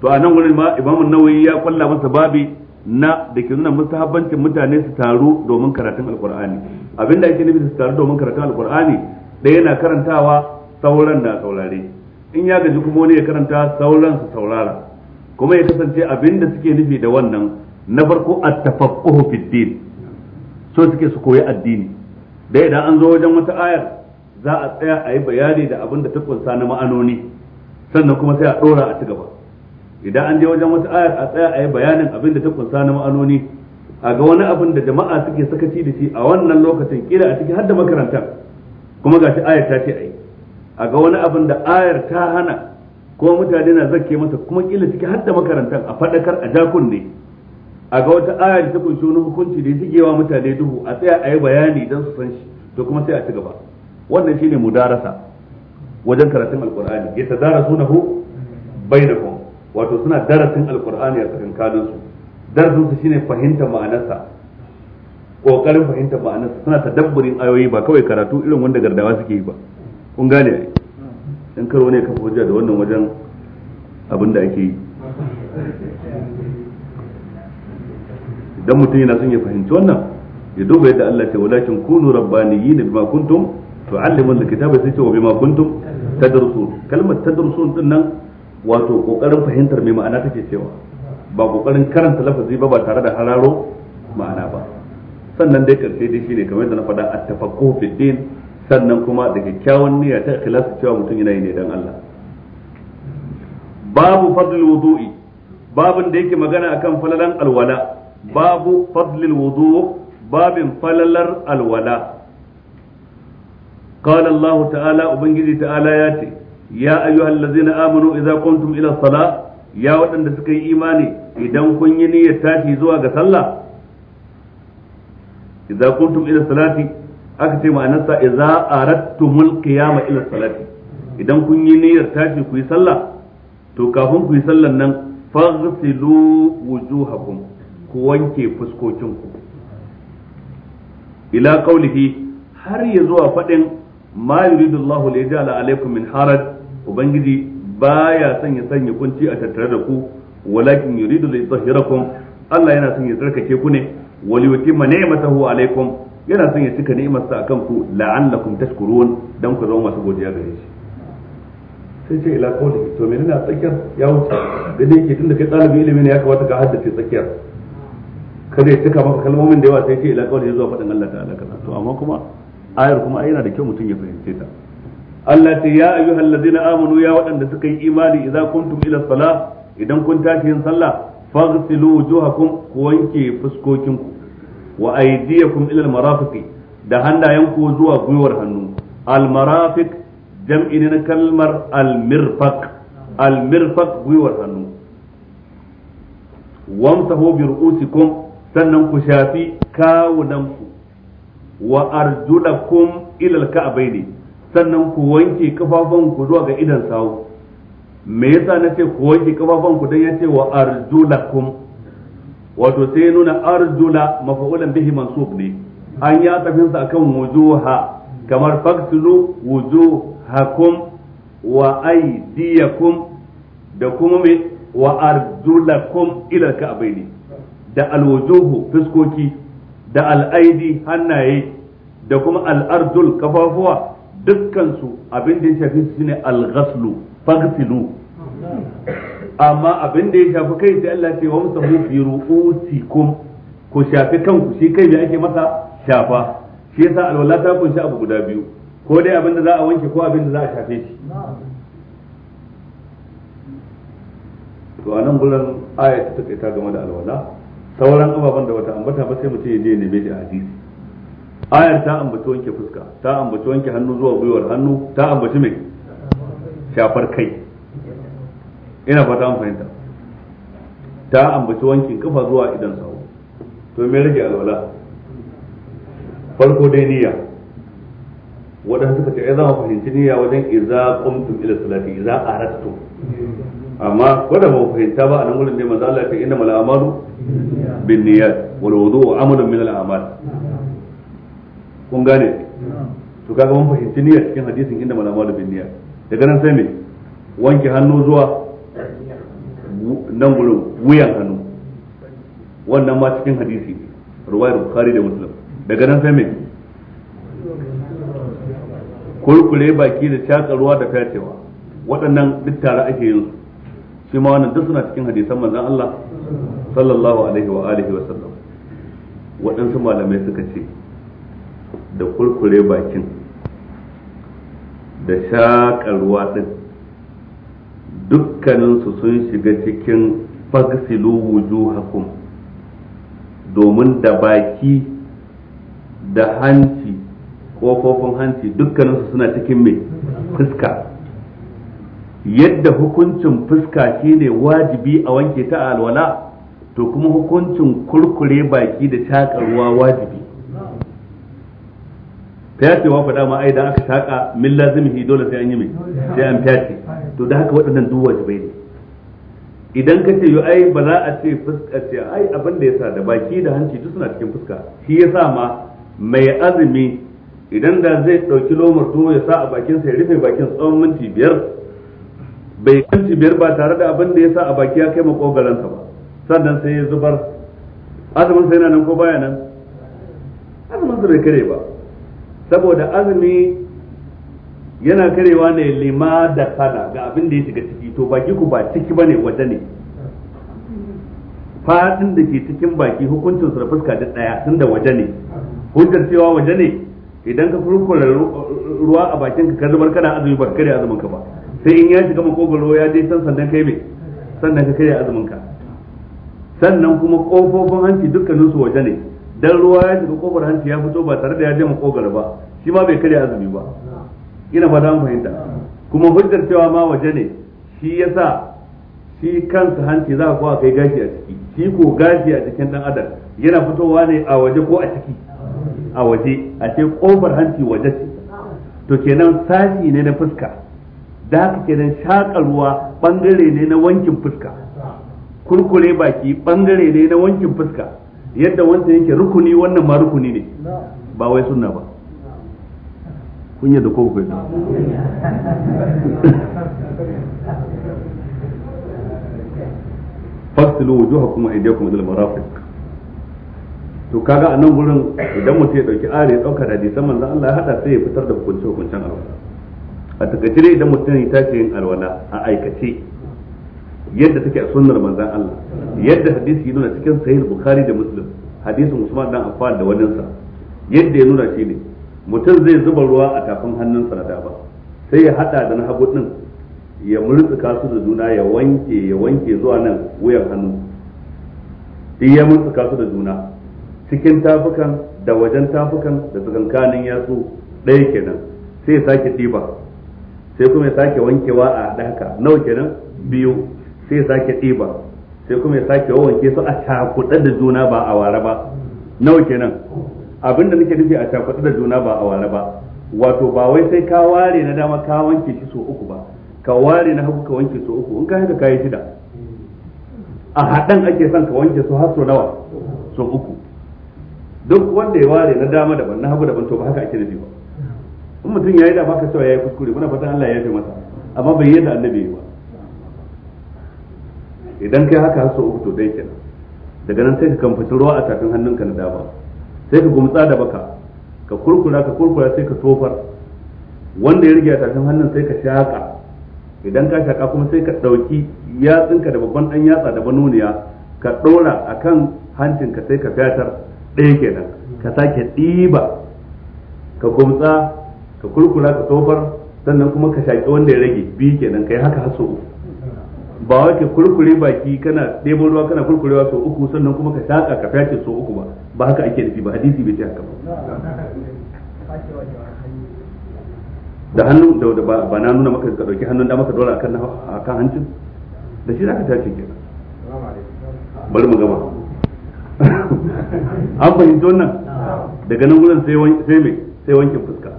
to a nan wurin ma imam nawawi ya kwalla masa babi na da ke nuna mustahabbancin mutane su taru domin karatun alkur'ani abinda ake nufi su taru domin karatun alkur'ani da yana karantawa sauran da saurare in ya gaji kuma wani ya karanta sauran su saurara kuma ya kasance abinda suke nufi da wannan na farko at-tafaqquhu fid din so suke su koyi addini da idan an zo wajen wata ayar za a tsaya a yi bayani da abin da ta kunsa na ma'anoni sannan kuma sai a ɗora a ci gaba idan an je wajen wata ayar a tsaya a yi bayanin abin da ta kunsa na ma'anoni a ga wani abin da jama'a suke sakaci da shi a wannan lokacin kila a ciki har makarantar kuma ga shi ayar ta ce a yi a ga wani abin da ayar ta hana ko mutane na zakke masa kuma kila ciki har makarantar a faɗakar a jakun ne a ga wata ayar da ta kunshi wani hukunci da ya wa mutane duhu a tsaya a yi bayani don su san shi to kuma sai a ci gaba wannan shine mudarasa wajen karatun alqur'ani ya tadarasunahu bainakum wato suna darasin alqur'ani a tsakankanin su darasin su shine fahimta ma'anarsa kokarin fahimta ma'anarsa suna tadabburin ayoyi ba kawai karatu irin wanda gardawa suke yi ba kun gane in karo ne kafa hujja da wannan wajen abin da ake yi dan mutum yana son ya fahimci wannan ya duba yadda Allah ce walakin kunu rabbaniyina bima kuntum tu'allimuna alkitaba sai ce wa bima kuntum tadrusun kalmar tadrusun din nan wato kokarin fahimtar me ma'ana take cewa ba kokarin karanta lafazi ba ba tare da hararo ma'ana ba sannan dai karshe dai shine kamar yadda na faɗa at fi din sannan kuma da kyakkyawan niyya ta ikhlasi cewa mutum yana yi ne dan Allah babu fadlul wudu'i babin da yake magana akan falalan alwala Ba ku faslil wuzu ba min falalar alwala. Kullum Allahu ta'ala Ubangiji ta'ala ya ce, ya ayyo Allah zai na Aminau izo kuntun suka yi imani idan kun yi niyyar tashi zuwa ga Sallah? Idan kun yi niyyar tashi zuba ga Sallah? Idan kun yi niyyar Idan kun yi niyyar tashi ku yi Sallah? To, kafin ku yi Sallah nan, faransi lu ku wanke fuskokinku ila qaulihi har ya zuwa faɗin ma yuridu Allah li yaj'ala alaykum min haraj ubangiji baya son ya sanya kunci a tattare da ku walakin yuridu li yutahhirakum Allah yana son ya tsarkake ku ne wa li yutimma ni'matahu alaykum yana son ya cika ni'imarsa akan ku la'allakum tashkurun dan ku zama masu godiya gare shi sai ce ila qawli to menene a tsakiyar ya wuce da dai ke tunda kai ɗalibin ilimi ne ya kamata ka haddace tsakiyar kada ya cika maka kalmomin da yawa sai ce ila kawai zuwa faɗin Allah ta'ala kaza to amma kuma ayar kuma yana da kyau mutum ya fahimce ta Allah ce ya ayyuhal ladzina amanu ya waɗanda suka yi imani idza kuntum ila salah idan kun tashi yin sallah faghsilu wujuhakum ku wanke fuskokinku wa aydiyakum ila almarafiqi da hannayenku zuwa gwiwar hannu almarafiq jam'i ne na kalmar almirfaq almirfaq gwiwar hannu wamsahu bi ru'usikum sannan ku shafi kawunanku wa arjulakum ilal ka'baini sannan ku wanke kafafanku zuwa ga idan sawu me yasa na ce ku wanke kafafunku dan yace wa arjulakum wato sai nuna arjula mafa'ulan bihi mansub ne an ya tafin sa akan wujuha kamar faktulu wujuhakum wa aydiyakum da kuma me wa arjulakum ilal ka'baini da alwujuhu fiskoki da al'aidi hannaye da kuma al'ardul kafafuwa dukkansu abin da ya shafi su ne al fagsilu amma abin da ya shafi kai sai Allah ce wa musahu fi ru'usikum ku shafi kanku shi kai da ake masa shafa shi yasa alwala ta kunshi abu guda biyu ko dai abin da za a wanke ko abin da za a shafe shi to anan gurin aya ta take ta game da alwala sauran ababen da wata ambata ba sai mutum ya je neme shi a hadisi ayar ta ambaci wanke fuska ta ambaci wanke hannu zuwa gwiwar hannu ta ambaci mai shafar kai ina fata an fahimta ta ambaci wankin kafa zuwa idan sawu to me rage alwala farko dai niyya wadanda suka ce ai zama fahimci niyya wajen iza qumtum ila salati iza aratu amma ko da ba fahimta ba a nan wurin dai manzo Allah ya ce innamal a'malu bin niyyat wal wudu amalun min al a'mal kun gane to kaga mun fahimci niyyar cikin hadisin inda malama da bin niyyat daga nan sai me wanke hannu zuwa nan gurin wuyan hannu wannan ma cikin hadisi ruwayar bukhari da muslim daga nan sai me kurkure baki da shaka ruwa da fatewa waɗannan duk tare ake yin su shi ma wannan duk suna cikin hadisan manzon Allah sallallahu alaihi wa alihi wa sallam waɗansu malamai suka ce da kurkure bakin da shaƙar ruwa ɗin dukkaninsu sun shiga cikin fagsilu wujuhakum domin da baki da hanci kofofin hanci dukkaninsu suna cikin mai fuska yadda hukuncin fuska shine wajibi a wanke ta alwala to kuma hukuncin kurkure baki da shakarwa wajibi fyacewa faɗa ma ai idan aka shaƙa min lazimihi dole sai an yi mai sai an fiyace to da haka waɗannan duk wajibai ne idan ka ce yi ai ba za a ce fuska ce ai abin da sa da baki da hanci duk suna cikin fuska shi ya sa ma mai azumi idan da zai ɗauki lomar tuwo ya sa a bakin ya rufe bakin tsawon minti biyar bai minti biyar ba tare da abin da ya sa a baki ya kai makogaransa ba sannan sai ya zubar azumin sai nan ko baya nan azumin zai bai kare ba saboda azumi yana karewa ne lima da sana ga abin da ya shiga ciki to baki ku ba ciki bane waje ne fadin da ke cikin baki hukuncin su da fuska da daya tun da waje ne hujjar cewa waje ne idan ka furko ruwa a bakin ka zubar kana azumi ba kare azumin ka ba sai in ya shiga makogoro ya je san sannan kai me sannan ka kare azumin ka sannan kuma kofofin hanci dukkanin su waje ne dan ruwa ya shiga kofar hanci ya fito ba tare da ya je makogar ba shi ma bai karya azumi ba ina fata an fahimta kuma hujjar cewa ma waje ne shi yasa shi kansa hanci za ku kai gashi a ciki shi ko gashi a cikin dan adam yana fitowa ne a waje ko a ciki a waje a ce kofar hanci waje ce to kenan sashi ne na fuska da haka kenan shakar ruwa bangare ne na wankin fuska kurkure baki bangare ne na wankin fuska yadda wancan yake rukuni wannan ma rukuni ne ba wai sunna ba kun yadda ko kuwa [LAUGHS] fasilu wujuha kuma aydiyakum ila al-marafiq to kaga a nan gurin idan mutum ya dauki ayar ya dauka hadisan manzo Allah ya hada sai ya fitar da hukunce hukuncin alwala a takaice idan mutum ya tashi yin alwala a aikace yadda take a sunnar manzon Allah yadda hadisi ya nuna cikin sahih bukhari da muslim hadisin usman dan affan da waninsa yadda ya nuna shi ne mutum zai zuba ruwa a tafin hannunsa na daba sai ya hada da na hagu din ya murtsuka su da juna ya wanke ya wanke zuwa nan wuyan hannu sai ya murtsuka su da juna cikin tafukan da wajen tafukan da tsakankanin yatsu ɗaya kenan sai ya sake ɗiba sai kuma ya sake wankewa a haɗa haka nawa kenan biyu sai ya sake ɗiba sai kuma ya sake wawanke su a cakuɗa da juna ba a ware ba nawa kenan abinda nake nufi a cakuɗa da juna ba a ware ba wato ba wai sai ka ware na dama ka wanke shi so uku ba ka ware na hagu ka wanke so uku in ka haka kayi shida a haɗan ake son ka wanke su har so nawa so uku duk wanda ya ware na dama daban na hagu daban to ba haka ake nufi ba in mutum ya yi da baka cewa ya yi kuskure muna fatan Allah ya yafe masa amma bai yi da annabi ba idan kai haka har sau uku to dai kenan daga nan sai ka kamfaci ruwa a tafin hannunka na dama sai ka gumtsa da baka ka kurkura ka kurkura sai ka tofar wanda ya rige a tafin hannun sai ka shaka idan ka shaka kuma sai ka ɗauki yatsinka da babban ɗan yatsa da banuniya ka ɗora a kan hancinka sai ka fatar ɗaya kenan ka sake ɗiba ka gumtsa ka kurkura ka tofar sannan kuma ka shaƙi wanda ya rage biyu kenan kai haka haso uku ba wai ka kurkure baki kana ɗebo ruwa kana kurkurewa sau uku sannan kuma ka shaƙa ka fyace sau uku ba ba haka ake nufi ba hadisi bai ce haka ba da hannu da ba na nuna maka ka ɗauki hannun da maka dora akan akan hancin da shi zaka tace ke bari mu gama [LAUGHS] an fahimci wannan daga nan gurin sai mai sai wankin fuska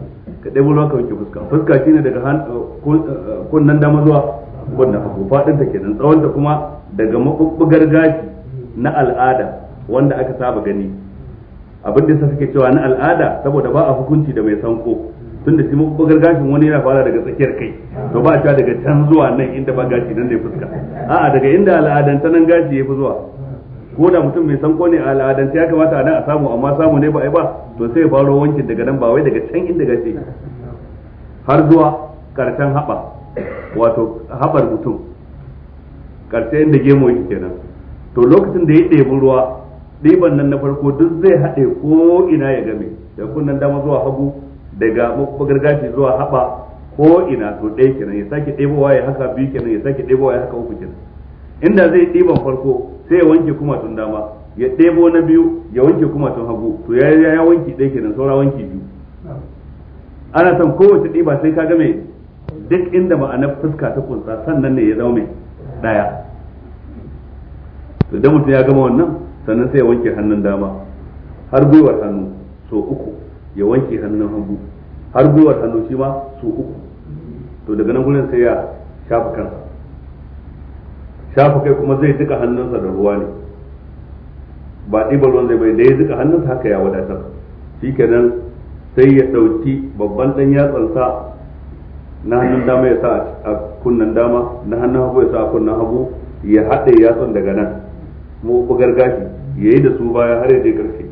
ka ɗebo ruwa ka wanke fuska fuska shine daga kunnan dama zuwa wanda abu fadin ta kenan tsawon da kuma daga mabubbugar gashi na al'ada wanda aka saba gani abin da suke cewa na al'ada saboda ba a hukunci da mai sanko tun da shi mabubbugar gashin wani yana fara daga tsakiyar kai to ba a cewa daga can zuwa nan inda ba gashi nan ne fuska a'a daga inda al'adan ta nan gashi ya fi zuwa ko da mutum mai sanko ne a al'adance ya kamata a nan a samu amma samu ne ba ai ba to sai ya faro wankin daga nan ba wai daga can inda gashi har zuwa karshen haɓa wato haɓar mutum karshe inda gemo yake kenan to lokacin da ya ɗebi ruwa ɗiban nan na farko duk zai haɗe ko ina ya game da kunnan dama zuwa hagu daga magargashi zuwa haɓa ko ina to ɗaya kenan ya sake ɗebowa ya haka biyu kenan ya sake ɗebowa ya haka uku kenan inda zai ɗiban farko sai ya wanke kumatun dama ya ɗebo na biyu ya wanke kumatun hagu to ya ya wanke ɗaya kenan saura wanke biyu ana son kowace ɗiba sai ka game duk inda ma'anar fuska ta kunsa sannan ne ya zama mai daya to idan mutum ya gama wannan sannan sai ya wanke hannun dama har gwiwar hannu so uku ya wanke hannun hagu har gwiwar hannu shi ma so uku to daga nan gudun sai ya shafa kansa shafa kai kuma zai duka hannunsa da ruwa ne ba ɗibar ruwan zai bai da ya duka hannunsa haka ya wadatar shi kenan sai ya ɗauki babban ɗan yatsansa na hannun dama ya sa a kunnan dama na hannun hagu ya sa a kunnan hagu ya haɗe yatsun daga nan mu bugar gashi ya yi da su baya har ya je ƙarshe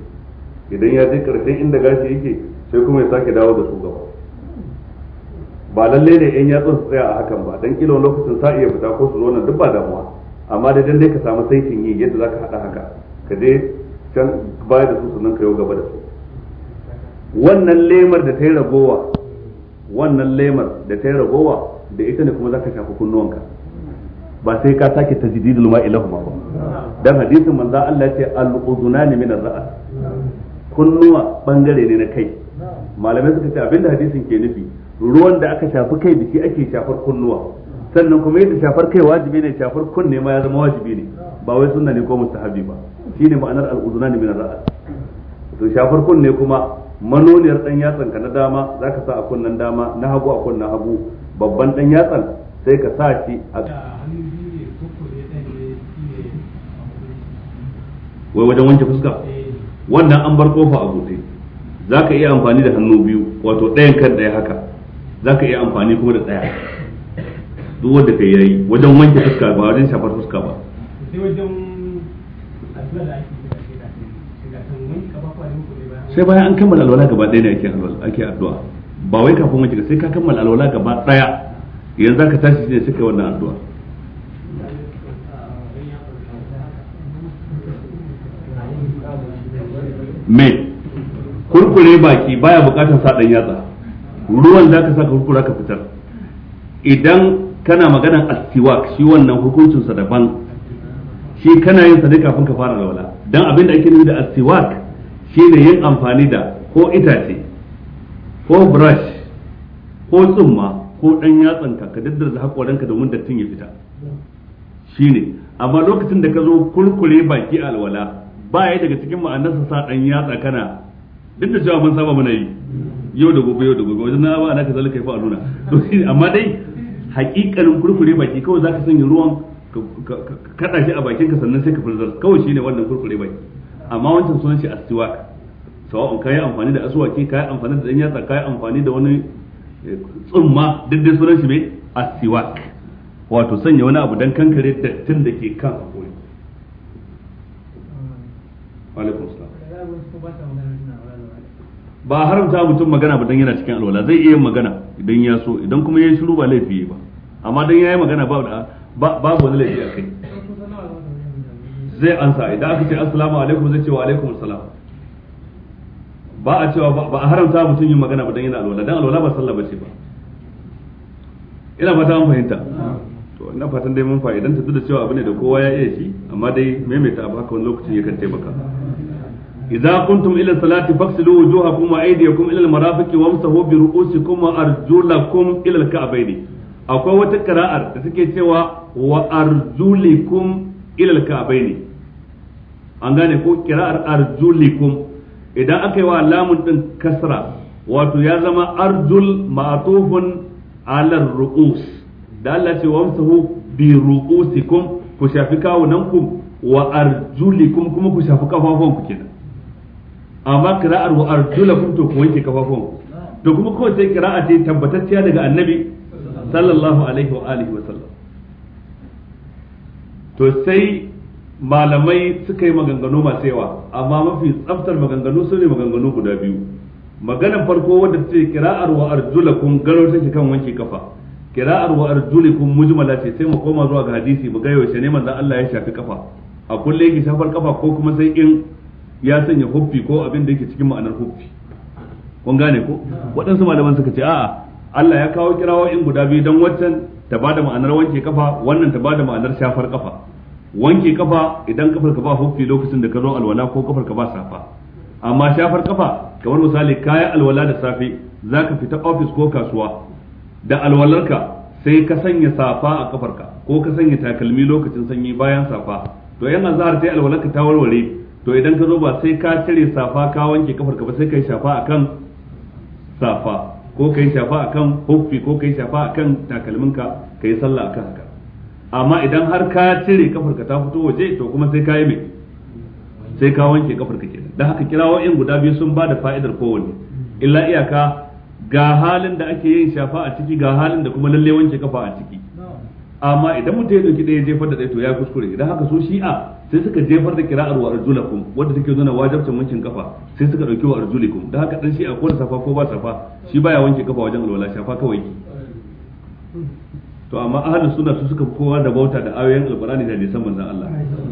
idan ya je ƙarshen inda gashi yake sai kuma ya sake dawo da su gaba ba lalle ne yan yatsun su tsaya a hakan ba dan kilon lokacin sa iya fita ko su zauna duk ba damuwa amma da dan dai ka samu saikin yi yadda zaka haɗa haka ka je can baya da su sannan ka yau gaba da su wannan lemar da ta yi ragowa wannan lemar da ta yi ragowa da ita ne kuma za ka shafi kunnuwanka ba sai ka sake tajdidul ilahu lahum ba dan hadisin manzo Allah ce al-udunani min ar raa kunnuwa bangare ne na kai malamai suka ce abinda hadisin ke nufi ruwan da aka shafi kai da shi ake shafar kunnuwa sannan kuma yadda shafar kai wajibi ne shafar kunne ma ya zama wajibi ne ba wai sunna ne ko mustahabi ba shine ma'anar al-udunani min ar raa to shafar kunne kuma manoniyar dan yatsan ka na dama zaka sa a kunnen dama na hagu a kunnen hagu babban dan yatsan sai ka sa shi a wai wajen wanke fuska eh. wannan an bar kofa a buɗe zaka iya amfani da hannu biyu wato ɗayan kan ɗaya haka zaka iya amfani kuma da tsaya duk wanda kai yayi wajen wanke fuska ba wajen shafar fuska ba sai wajen da ake sai bayan an kammala alwala gaba ɗaya ne ake ake addu'a ba wai kafin wajen sai ka kammala alwala gaba ɗaya yanzu ka tashi ne suka wannan addu'a me kurkure baki baya bukatar sa dan yatsa ruwan zaka saka kurkura ka fitar idan kana maganar astiwak shi wannan hukuncinsa daban shi kana yin sa ne kafin ka fara alwala dan abin da ake nufi da astiwak shine yin amfani da ko itace ko brush ko tsumma ko ɗan yatsanka ka da haƙorinka domin dattin ya fita shine amma lokacin da ka zo kurkure baki alwala ba ya daga cikin ma'anarsa sa ɗan yatsa kana duk da cewa mun saba muna yi yau da gobe yau da gobe wajen na ba na ka zalika yi fa'a nuna amma dai haƙiƙanin kurkure baki kawai zaka sanya ruwan ka kada shi a bakinka sannan sai ka furzar kawai shine wannan kurkure baki amma wancan sunan shi aswak sawa'un kai amfani da aswaki kai amfani da dan yatsa kai amfani da wani eh, tsumma duk dai sunan shi mai astiwak wato sanya wani abu dan kankare dattin da ke kan hakuri alaikum ba haramta mutum magana ba dan yana cikin alwala zai iya magana idan ya so idan kuma ya shiru ba laifi ba amma dan yayi magana ba babu wani laifi a kai zai ansa idan aka ce assalamu alaikum zai ce wa alaikum assalam ba a cewa ba a haramta mutum yin magana ba dan yana alwala dan alwala ba sallah bace ba ina fata an fahimta to ina fatan dai mun fa'idan ta da cewa abu ne da kowa ya iya shi amma dai maimaita abu haka wani lokacin yakan taimaka idza kuntum ila salati faghsilu wujuhakum wa aydiyakum ila al-marafiqi wamsahu bi ru'usikum wa arjulakum ila al-ka'bayni akwai wata kara'ar da take cewa wa arjulikum ila al-ka'bayni an gane ko kira'ar arjulikum idan aka yi wa lamun din kasra wato ya zama arjul ma'atufun alar ru'us da Allah ce wa amsahu bi ru'usikum ku shafi kawunanku wa arjulikum kuma ku shafi ku kenan amma kira'ar wa arjulakum to ku wanke kafafuwanku to kuma kawai sai kira'a ce tabbatacciya daga annabi sallallahu alaihi wa alihi wa sallam to sai malamai suka yi maganganu masu yawa amma mafi tsaftar maganganu su ne maganganu guda biyu maganar farko wadda ce kira'ar wa arjulakum gano take kan wanke kafa kira'ar wa arjulikum mujmala ce sai mu koma zuwa ga hadisi mu ga yaushe ne manzon Allah ya shafi kafa a kulle yake shafar kafa ko kuma sai in ya sanya huffi ko abin da yake cikin ma'anar huffi kun gane ko waɗansu malaman suka ce a'a Allah ya kawo kirawo in guda biyu dan waccan ta bada ma'anar wanke kafa wannan ta bada ma'anar shafar kafa wanke kafa idan kafar ka ba hufi lokacin da ka zo alwala ko kafar ka ba safa amma shafar kafa kamar misali yi alwala da safe za ka fita ofis ko kasuwa da alwalarka sai ka sanya safa a kafarka ko ka sanya takalmi lokacin sanyi bayan safa to yan azhar sai alwalarka ta warware to idan ka zo ba sai ka cire safa ka wanke ka ba sai kai shafa akan safa ko kai shafa akan huffi ko kai shafa akan takalminka kai sallah akan haka amma idan har ka cire kafar ka ta fito waje to kuma sai ka yi mai sai ka wanke kafarka kenan dan haka kirawoyin guda biyu sun ba da fa'idar kowanne illa iyaka ga halin da ake yin shafa a ciki ga halin da kuma lalle wanke kafa a ciki amma idan mutum ya dauki daya jefar da ɗaya to ya kuskure dan haka so shi'a sai suka jefar da kira'ar wa arjulakum wanda take nuna wajabcin wankin kafa sai suka dauki wa arjulikum dan haka dan shi'a ko da safa ko ba safa shi baya wanke kafa wajen alwala shafa kawai to amma ahlus sunna su suka kowa da bauta da ayoyin alqur'ani da hadisan manzon Allah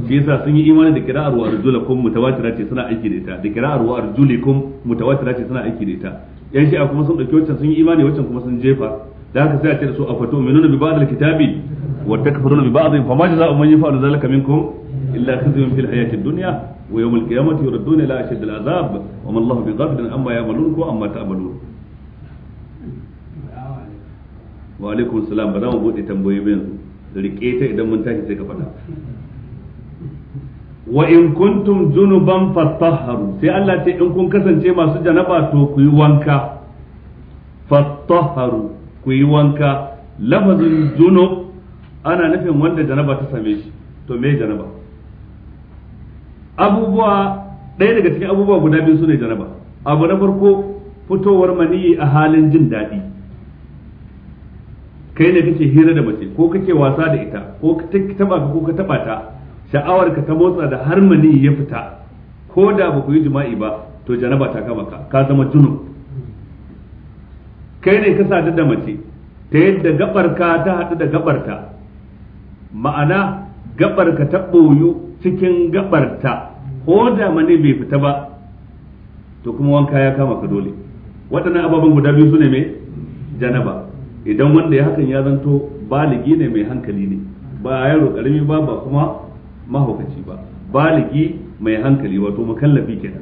shi yasa sun yi imani da qira'ar wa arjulakum mutawatira ce suna aiki da ita da qira'ar wa arjulikum mutawatira ce suna aiki da ita yan shi'a kuma sun dauki wancan sun yi imani wancan kuma sun jefa da haka sai a ce da su a fatu minuna bi ba'd alkitabi wa takfuruna bi ba'd fa ma jazaa'u man yaf'alu dhalika minkum illa khizyun fil hayatid dunya wa yawm alqiyamati yuradduna ila ashaddil azab wa ma Allahu bighafilin amma ya'malun ko amma ta'malun wa alaikum salam ba za mu bude tambayoyi ba yanzu rike ta idan mun tashi sai ka faɗa wa in kuntum junuban fatahharu sai Allah ce in kun kasance masu janaba to ku yi wanka fatahharu ku yi wanka lafazin junub ana nufin wanda janaba ta same shi to me janaba abubuwa ɗaya daga cikin abubuwa guda biyu su ne janaba abu na farko fitowar maniyi a halin jin daɗi kai ne kake hira da mace ko kake wasa da ita ko ka taba ko ka taba ta sha'awar ka ta motsa da har mani ya fita ko da ba ku yi jima'i ba to janaba ta kama ka ka zama junub kai ne ka sadu da mace ta yadda gabarka ta haɗu da gabarta ma'ana gabarka ta ɓoyu cikin gabarta ko da mani bai fita ba to kuma wanka ya kama ka dole waɗannan ababen guda biyu su ne mai janaba idan wanda ya hakan ya zanto baligi ne mai hankali ne ba yaro karami ba ba kuma mahaukaci ba baligi mai hankali wato mukallafi kenan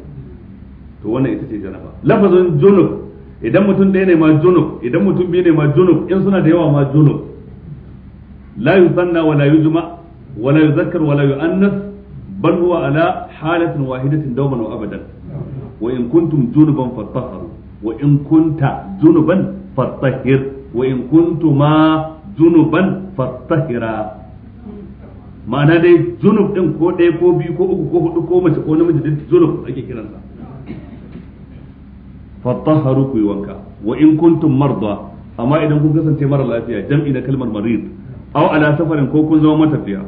to wannan ita ce janaba lafazin junub idan mutum ɗaya ne ma junub idan mutum biyu ne ma junub in suna da yawa ma junub la yusanna wa la yujma wa la yuzakkar wa la yu'annas bal huwa ala halatin wahidatin dawman wa abadan wa in kuntum junuban fatahharu wa in kunta junuban fatahhir wa in kuntuma junuban fatahira ma'ana dai junub din ko ɗaya ko biyu ko uku ko hudu ko mace ko namiji duk junub ake kiransa fattaharu ku yi wanka wa in kuntum marda amma idan kun kasance mara lafiya jam'i na kalmar marid aw ala safarin ko kun zama matafiya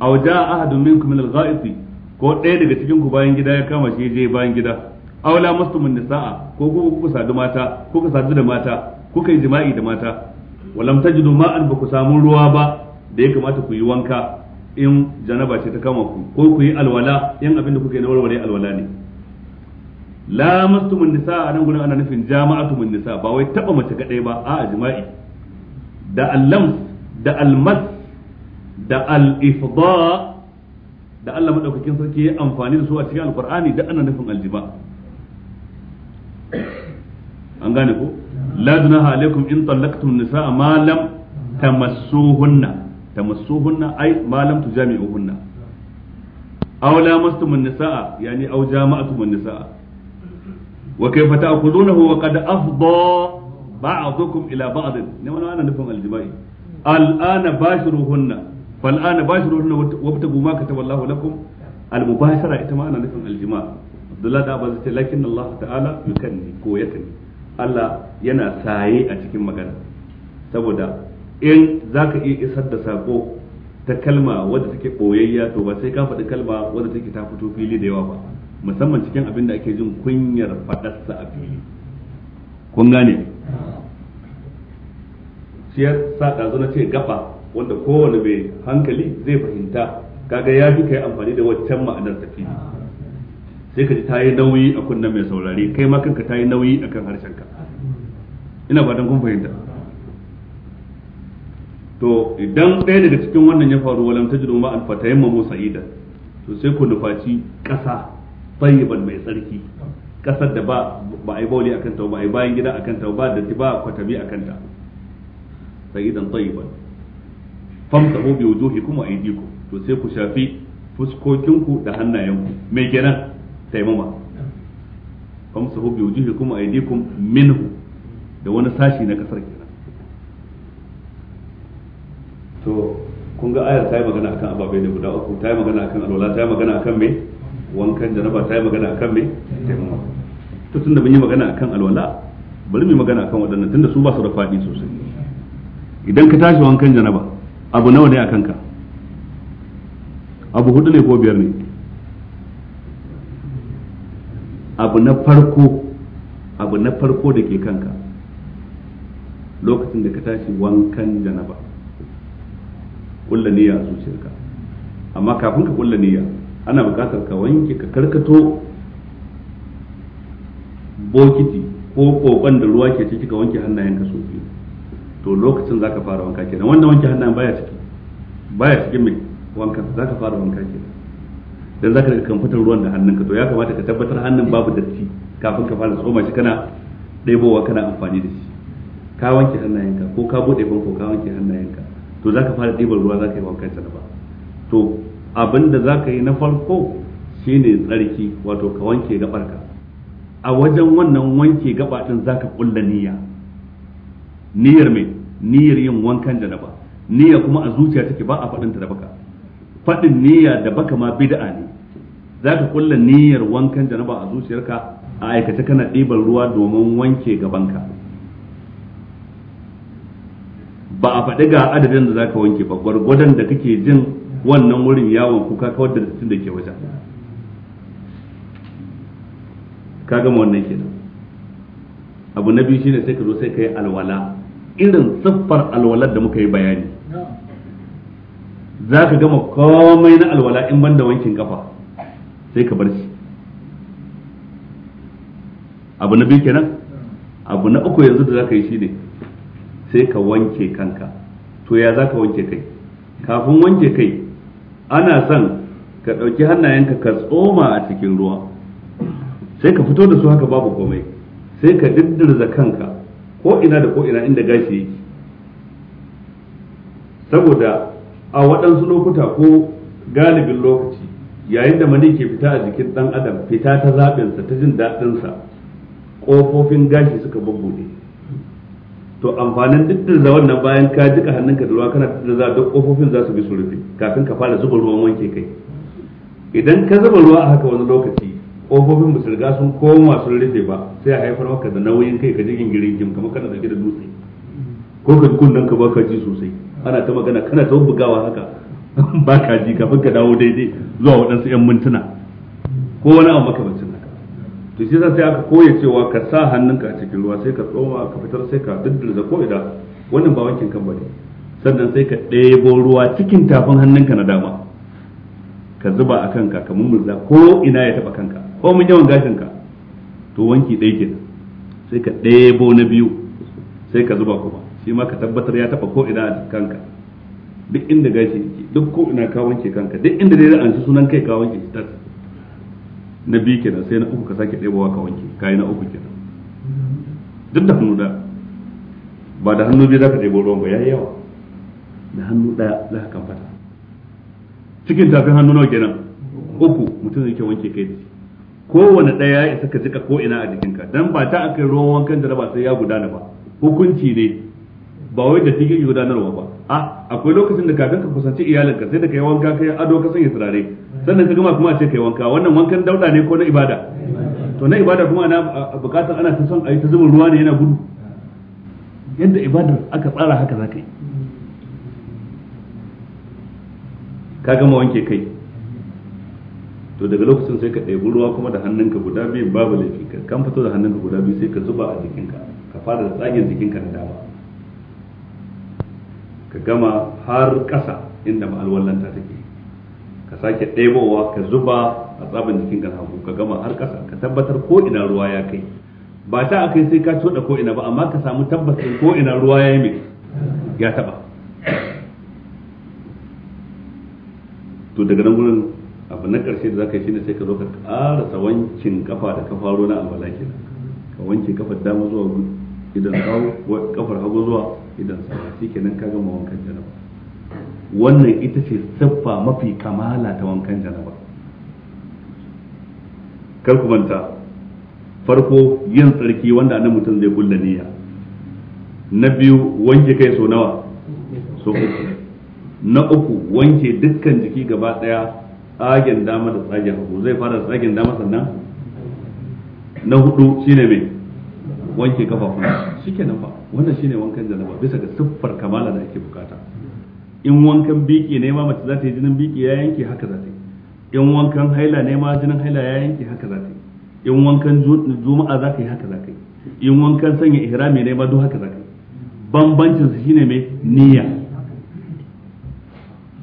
aw jaa ahadun minkum min al-gha'iti ko ɗaya daga cikin ku bayan gida ya kama shi je bayan gida aw la mastumun nisaa ko ku ku sadu mata ko ku sadu da mata kuka yi jima'i da mata walam tajidu ma'an ba ku samu ruwa ba da ya kamata ku yi wanka in janaba ce ta kama ku ko ku yi alwala in abin da kuka yi na warware alwala ne lamastumun nisa a nan gurin ana nufin jama'atumun nisa ba wai taba mace kadai ba a jima'i da allams da almas da al-ifda da Allah madaukakin sarki ya amfani da su a cikin alqur'ani da ana nufin aljima an gane ko la dunaha alaikum in tallaqtum nisaa ma lam tamassuhunna tamassuhunna ay ma lam tujami'uhunna aw lamastum an-nisaa yani aw jama'tum an-nisaa wa kayfa ta'khudunahu wa qad afdha ba'dukum ila ba'd ne wannan ana nufin aljima'i al'ana bashiruhunna fal'ana bashiruhunna wabtagu ma kataballahu lakum al-mubashara ita ma ana nufin aljima' Abdullah da lakin Allah ta'ala Allah yana saye a cikin magana saboda in za ka iya isar da sako ta kalma wadda take ɓoyayya to ba sai ka faɗi kalma wadda take ta fito fili da yawa ba musamman cikin abin da ake jin kunyar faɗarsa a fili kun gane shi ya sa ɗazu na ce gaba wanda kowane mai hankali zai fahimta kaga ya fi yi amfani da waccan ma'anar tafi sai ka ji ta yi nauyi a kunnen mai saurare kai ma kanka ta yi nauyi a kan harshenka ina fatan kun fahimta to idan ɗaya daga cikin wannan ya faru walam tajidu ma an mamu sa'ida to sai ku nufaci ƙasa tayyiban mai tsarki ƙasar da ba ba yi bauli a ta ba yi bayan gida a ta ba da ba kwatami akan ta sayyidan tayyiban famsahu bi wujuhikum a yi to sai ku shafi fuskokinku da hannayenku mai kenan taimama famsahu bi wujuhikum aydikum minhu da wani sashi na kasar kenan to kun ga ayar ta yi magana akan ababai ne guda uku ta yi magana akan alwala ta yi magana akan me wankan janaba ta yi magana akan me taimama to tunda mun yi magana akan alwala bari mu yi magana akan wadannan tunda su ba su da faɗi sosai idan ka tashi wankan janaba abu nawa ne akan ka abu hudu ne ko biyar ne abu na farko abu na farko da ke kanka lokacin da ka tashi wankan janaba kulla niyya a zuciyarka amma kafin ka kulla niyya ana buƙatar ka wanke ka karkato bokiti ko kokon da ruwa ke ciki ka wanke hannayen ka biyu to lokacin zaka fara wanka kenan wanda wanke hannayen baya ciki baya cikin mai wankan zaka fara wanka kenan dan zaka daga kamfatar ruwan da hannunka to ya kamata ka tabbatar hannun babu datti kafin ka fara tsoma shi kana ɗebowa kana amfani da shi ka wanke hannayenka ko ka bude famfo ka wanke hannayenka to zaka fara ɗiban ruwa zaka yi wankan ba to abin da zaka yi na farko shine tsarki wato ka wanke gabarka a wajen wannan wanke gaba din zaka kulla niyya niyyar mai niyyar yin wankan ba niyya kuma a zuciya take ba a faɗin ta da baka faɗin niyya da baka ma bid'a ne za ka kulla niyyar wankan janaba a zuciyarka a aikace kana ɗiban ruwa domin wanke gabanka ba a faɗi ga adadin da za ka wanke ba gwargwadon da kake jin wannan wurin yawon kuka kawar da dattin da ke wajen ka gama wannan kenan abu na biyu shine sai ka zo sai ka yi alwala irin siffar alwalar da muka yi bayani za ka gama komai na alwala in banda wankin kafa sai ka bar shi abu na biyu kenan abu na uku yanzu da za ka yi shi ne sai ka wanke kanka to ya za ka wanke kai kafin wanke kai ana son ka ɗauki hannayenka ka tsoma a cikin ruwa sai ka fito da su haka babu komai sai ka diddirza kanka ko ina da ko ina inda gashi yake saboda a waɗansu lokuta ko galibin lokaci yayin da mani ke fita a jikin dan adam fita ta zaɓinsa ta jin daɗinsa ƙofofin gashi suka bubbuɗe to amfanin duk da wannan bayan ka jika hannunka da ruwa kana da za duk ƙofofin za su bi su rufe kafin ka fara zuba ruwan wanke kai idan ka zuba ruwa a haka wani lokaci ƙofofin ba su riga sun koma sun rufe ba sai a haifar maka da nauyin kai ka ji gingirin jim kamar kana da da dutse ko ka kunnen ka ji sosai ana ta magana kana ta bugawa haka [LAUGHS] ba ka ji kafin ka dawo daidai zuwa waɗansu 'yan mintuna ko wani abu makamancin haka to shi sai aka koya cewa ka sa hannunka a cikin ruwa sai ka tsoma ka fitar sai ka duddurza ko ida wannan ba wankin kan bane sannan sai ka ɗebo ruwa cikin tafin hannunka na dama ka zuba a kanka ka mummurza ko ina ya taɓa kanka ko mun yawan gashin ka to wanki ɗaya kenan sai ka ɗebo na biyu sai ka zuba kuma shi ma ka tabbatar ya taɓa ko ina a kanka duk inda gashi yake duk ko ina ka wanke kanka duk inda dai ra'anci sunan kai ka wanke shi tas na biyu kenan sai na uku ka sake ɗebowa ka wanke kayi na uku kenan duk da hannu da ba da hannu biyu za ka ɗebo ruwan ba ya yi yawa da hannu ɗaya za ka kamfata cikin tafin hannu nawa kenan uku mutum yake wanke kai da kowane ɗaya ya isa ka jika ko ina a jikinka dan ba ta aka yi ruwan wankan da ba sai ya gudana ba hukunci ne ba wai da cikin gudanarwa ba a akwai lokacin da kafin ka kusanci iyalinka sai da kai wanka kai ado ka sanya turare sannan ka gama kuma ce kai wanka wannan wankan dauda ne ko na ibada to na ibada kuma ana bukatar ana ta son a yi ta zuba ruwa ne yana gudu yadda ibadar aka tsara haka za ka yi ka gama wanke kai to daga lokacin sai ka ɗebi ruwa kuma da hannunka guda biyu babu laifi ka kan fito da hannunka guda biyu sai ka zuba a jikinka ka fara da tsagen jikinka na dama ka gama har ƙasa inda ma'alwallanta take ka sake ɗebowa ka zuba a tsaban jikin ka hagu ka gama har ƙasa ka tabbatar ko ina ruwa ya kai ba ta akai sai ka coda ko ina ba amma ka samu tabbacin ko ina ruwa ya yi mai ya taba to daga nan gurin abu na ƙarshe da za ka yi shine sai ka zo ka ƙarasa wankin kafa da ka ruwa na albala ka wanke kafar dama zuwa idan kawo kafar hagu zuwa idan shi kenan ka gama wankan janaba wannan ita ce siffa mafi kamala ta wankan janaba kar ku manta farko yin tsarki wanda annabi mutum zai kulla niyya na biyu wanke kai so nawa so uku na uku wanke dukkan jiki gaba daya tsagen dama da tsagen hagu zai fara tsagen dama sannan na hudu shine mai wanke shi shikenan fa wannan shine wankan janaba bisa ga siffar kamala da ake bukata in wankan biki ne ma mace za ta yi jinin biki ya yanke haka za ta yi in wankan haila ne ma jinin haila ya yanke haka za ta yi in wankan juma'a za ka yi haka za ka yi in wankan sanya ihrami ne ma duk haka za ka yi bambancin su shine mai niyya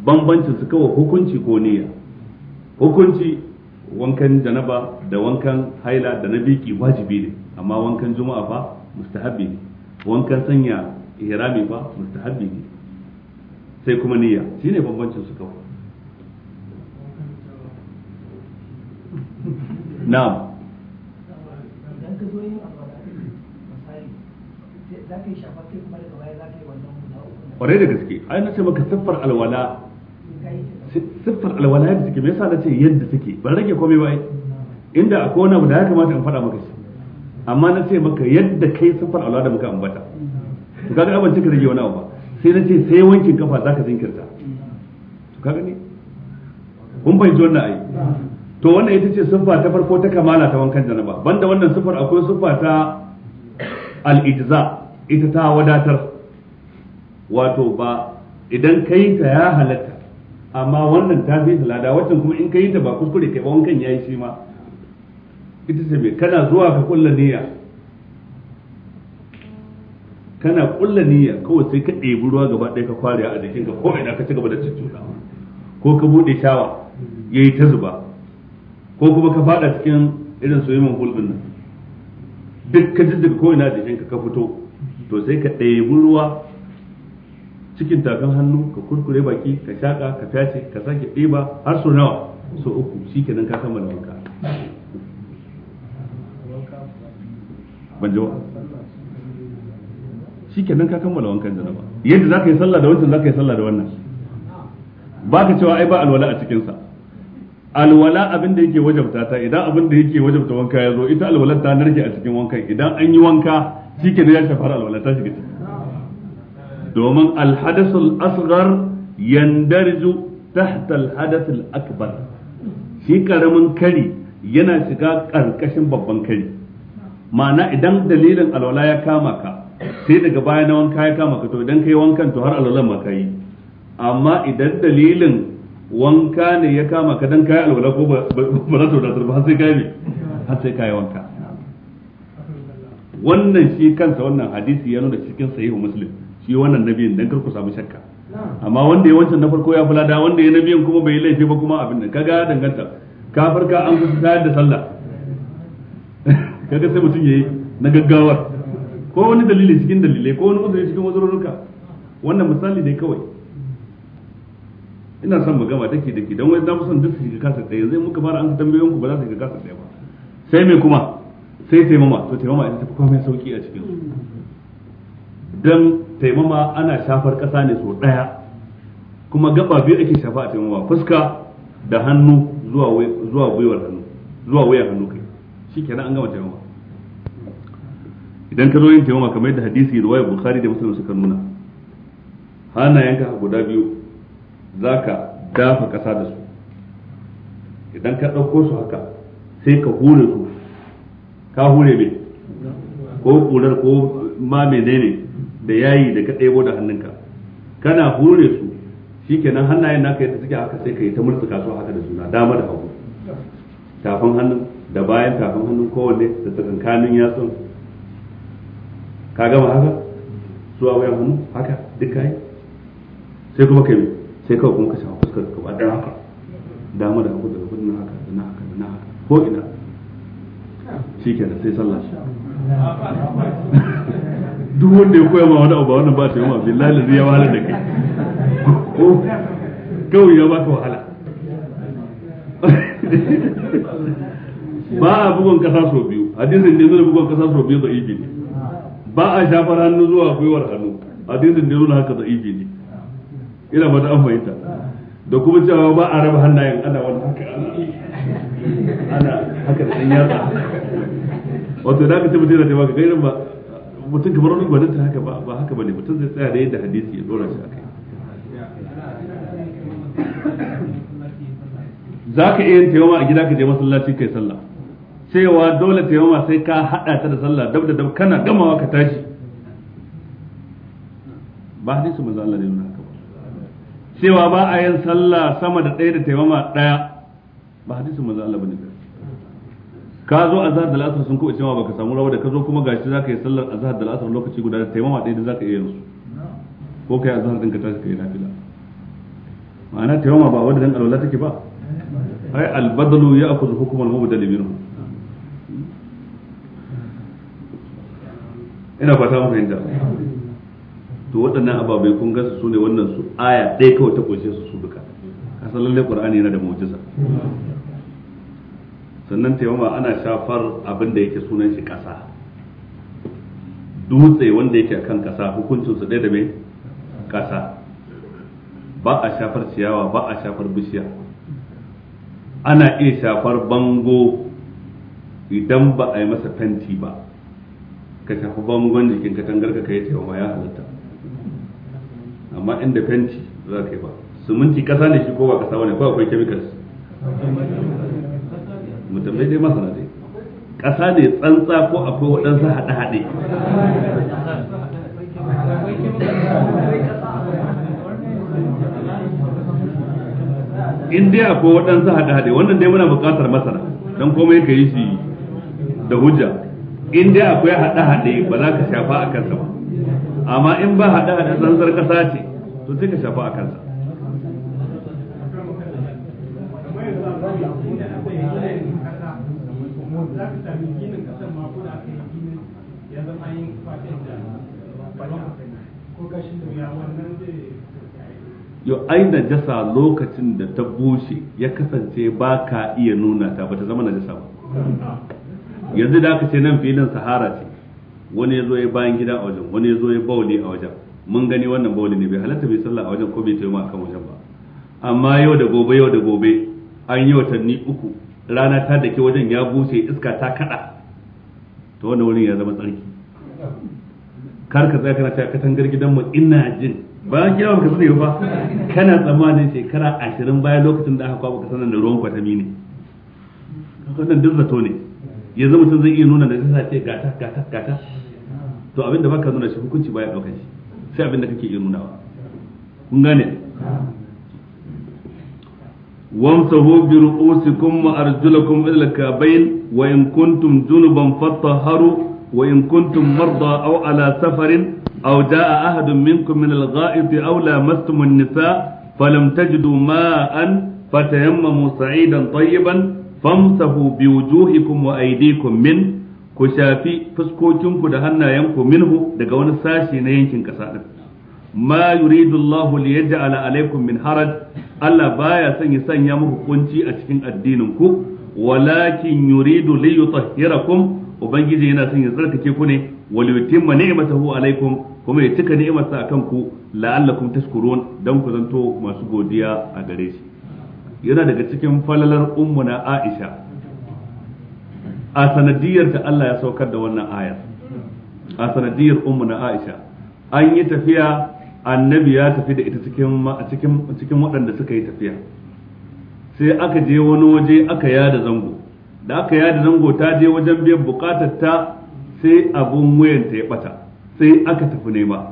bambancin su kawai hukunci ko niyya hukunci wankan janaba da wankan haila da na biki wajibi ne amma wankan juma'a fa mustahabi ne wankan sanya ihrami ba mustahabbi ne sai kuma niyya shine bambancin su kawai na'am kwarai da gaske ai na ce maka siffar alwala siffar alwala yadda take me yasa na ce yadda take ban rage komai ba inda akwai wani abu da ya kamata in faɗa maka shi amma na ce maka yadda kai safar alwala da muka ambata to kaga abin cika rage wani abu ba sai na ce sai wankin kafa zaka jinkirta to kaga ne kun bai zo na ai to wannan ita ce siffa ta farko ta kamala ta wankan janaba banda wannan siffar akwai siffa ta al-ijza ita ta wadatar wato ba idan kai ta ya halatta amma wannan ta fi lada wacce kuma in kai ta ba kuskure kai ba wankan yayi shi ma ita ce mai kana zuwa ka kulla niyya kana kulla niyya kawai sai ka ɗebi ruwa gaba ɗaya ka kware a jikinka ko ina ka ci gaba da cuccuɗawa ko ka buɗe shawa ya yi ta zuba ko kuma ka faɗa cikin irin soyayyen hulɗin nan duk ka daga ko a jikinka ka fito to sai ka ɗebi ruwa cikin tafin hannu ka kurkure baki ka shaƙa ka tace ka sake ɗiba har sau nawa sau uku kenan ka kammala wanka ban ji ba ka kammala wankan janaba yadda yi sallah da wancan yi sallah da wannan baka cewa ai ba alwala a cikinsa alwala abin da yake wajabta ta idan abin da yake wajabta wanka ya zo ita alwala ta narke a cikin wankan idan an yi wanka shikenan ya shafara alwala ta shiga domin alhadasul asghar yandarju tahta alhadasul akbar shi karamin kari yana shiga karkashin babban kari ma'ana idan dalilin alwala ya kama ka sai daga baya na wanka ya kama ka to idan kai wankan to har alwalan ma kai amma idan dalilin wanka ne ya kama ka dan kai alwala ko ba za ta wadatar ba sai kai ne har sai kai wanka wannan shi kansa wannan hadisi ya nuna cikin sahihu muslim shi wannan nabiyin dan karku samu shakka amma wanda ya wancan na farko ya fulada wanda ya nabiyin kuma bai laifi ba kuma abin nan kaga danganta kafirka an kusa tayar da sallah kaga sai mutum yayi na gaggawar ko wani dalili cikin dalilai ko wani uzuri cikin uzurorinka wannan misali ne kawai ina son mu gama take dake dan za zamu son duk su shiga kasa ɗaya yanzu muka fara an tambayoyin ku ba za su shiga kasa tsaye ba sai me kuma sai taimama to taimama ita tafi komai sauki a cikin su dan taimama ana shafar ƙasa ne so ɗaya kuma gaba biyu ake shafa a taimama fuska da hannu zuwa zuwa gwiwar hannu zuwa wayar hannu kai shikenan an gama taimama idan ka zo yin taimama kamar yadda hadisi riwayar bukhari da muslim suka nuna hannayenka guda biyu zaka dafa kasa da su idan ka ɗauko su haka sai ka hure su ka hure mai ko ƙular ko ma menene da yayi da ka ɗebo da hannunka kana hure su shikenan hannayen naka yadda suke haka sai ka yi ta murtuka su haka da juna dama da hagu tafin hannun da bayan tafin hannun kowanne da tsakankanin yatsun ka gama haka zuwa wayan hannu haka duka yi sai kuma kai sai kawai kuma ka shafa fuskar ka ba haka dama da hagu da kudin na haka da na haka da na haka ko ina shi ke da sai sallah shi [LAUGHS] duk wanda ya koya ma wani abu ba wannan ba ta yi ma billahi zai ya wahala da kai kawai ya baka wahala [LAUGHS] ba a bugon kasa sau biyu hadisin ne zai bugon kasa sau biyu da ibi ne ba a shafar hannu zuwa gwiwar hannu hadisin da nuna haka da'ifi ne ina mata an fahimta da kuma cewa ba a raba hannayen ana wani haka ana haka da yatsa wato da aka ce mutum yana da baka gairin ba mutum kamar wani gwanin ta haka ba ba haka bane mutum zai tsaya da yadda hadisi ya dora shi kai za ka iya yin taimama a gida ka je masallaci kai sallah cewa dole taimama sai ka hada ta da sallah dab da dab kana gamawa ka tashi ba hadisi manzo Allah ne nuna haka ba cewa ba a yin sallah sama da ɗaya da taimama ɗaya ba hadisi manzo Allah bane ka zo azhar da asar sun kuɓe cewa baka samu rawa da ka zo kuma gashi zaka yi sallar azhar da asar lokaci guda da taimama ɗaya da zaka iya yin ko kai azhar din ka tashi kai nafila ma'ana taimama ba wanda dan alwala take ba ai albadalu ya'khudhu hukm al-mubdal minhu ina fata mu fahimta to waɗannan ababai kun gasa su ne wannan su aya ɗaya kawai ta kunshe su su duka kasan lallai qur'ani yana da mu'jiza sannan taimama ana shafar abin da yake sunan shi ƙasa dutse wanda yake kan ƙasa hukuncin su ɗaya da mai ƙasa ba a shafar ciyawa ba a shafar bishiya ana iya shafar bango idan ba a yi masa fenti ba ka tafi bangon jikin ka tangar ka kai taimama ya halitta amma inda fenti za ka yi ba sumunci kasa ne shi ko ba kasa bane ko akwai chemicals mutum dai masana dai kasa ne tsantsa ko akwai waɗansa haɗe-haɗe in dai akwai waɗansa haɗe-haɗe wannan dai muna buƙatar masana don komai ka yi shi da hujja in dai akwai haɗe-haɗe ba za ka shafa a kansa ba amma in ba haɗe-haɗe zanzar ƙasa ce to sai ka shafa a kansa yau ai najasa lokacin da ta bushe ya kasance ba ka iya nuna ta ba ta zama najasa ba yanzu da aka ce nan filin sahara ce wani ya zo ya bayan gida a wajen wani ya zo ya bauli a wajen mun gani wannan bauli ne bai halatta bai sallah a wajen ko bai taimaka akan wajen ba amma yau da gobe yau da gobe an yi watanni uku rana ta dake wajen ya bushe iska ta kada to wannan wurin ya zama tsarki kar ka tsaya kana ta katangar gidan mu ina jin bayan gida ka sani ba kana tsammanin shekara ashirin bayan lokacin da aka kwaba ka sanar da ruwan kwatami ne wannan duk zato ne yanzu mutum zai iya nuna najasa ce gata gata gata to abin da baka nuna shi hukunci baya ɗauka shi sai abin da kake iya nunawa kun gane wamsahu bi ru'usikum wa arjulakum ila kabayn wa in kuntum junuban fatahharu وإن كنتم ala safarin على سفر أو جاء أحد منكم من الغائط أو لامستم النساء فلم تجدوا ماء فتيمموا سعيدا طيبا famsahu bi wujuhikum wa aydikum min ku shafi fuskokinku da hannayenku minhu daga wani sashi na yankin kasa din ma yuridu Allah li yaj'ala alaikum min haraj Allah baya son ya sanya muku kunci a cikin addinin ku walakin yuridu li yutahhirakum ubangiji yana son ya tsarkake ku ne wal yutimma ni'matahu alaikum kuma ya cika ni'imarsa akan ku la'allakum tashkurun dan ku zanto masu godiya a gare shi yana daga cikin falalar ummuna Aisha a sanadiyar ta Allah ya saukar da wannan ayar a sanadiyar ummuna Aisha an yi tafiya annabi ya tafi da ita cikin cikin cikin waɗanda suka yi tafiya sai aka je wani waje aka yada zango da aka yada zango ta je wajen biyan bukatar ta sai abun ta ya bata sai aka tafi nema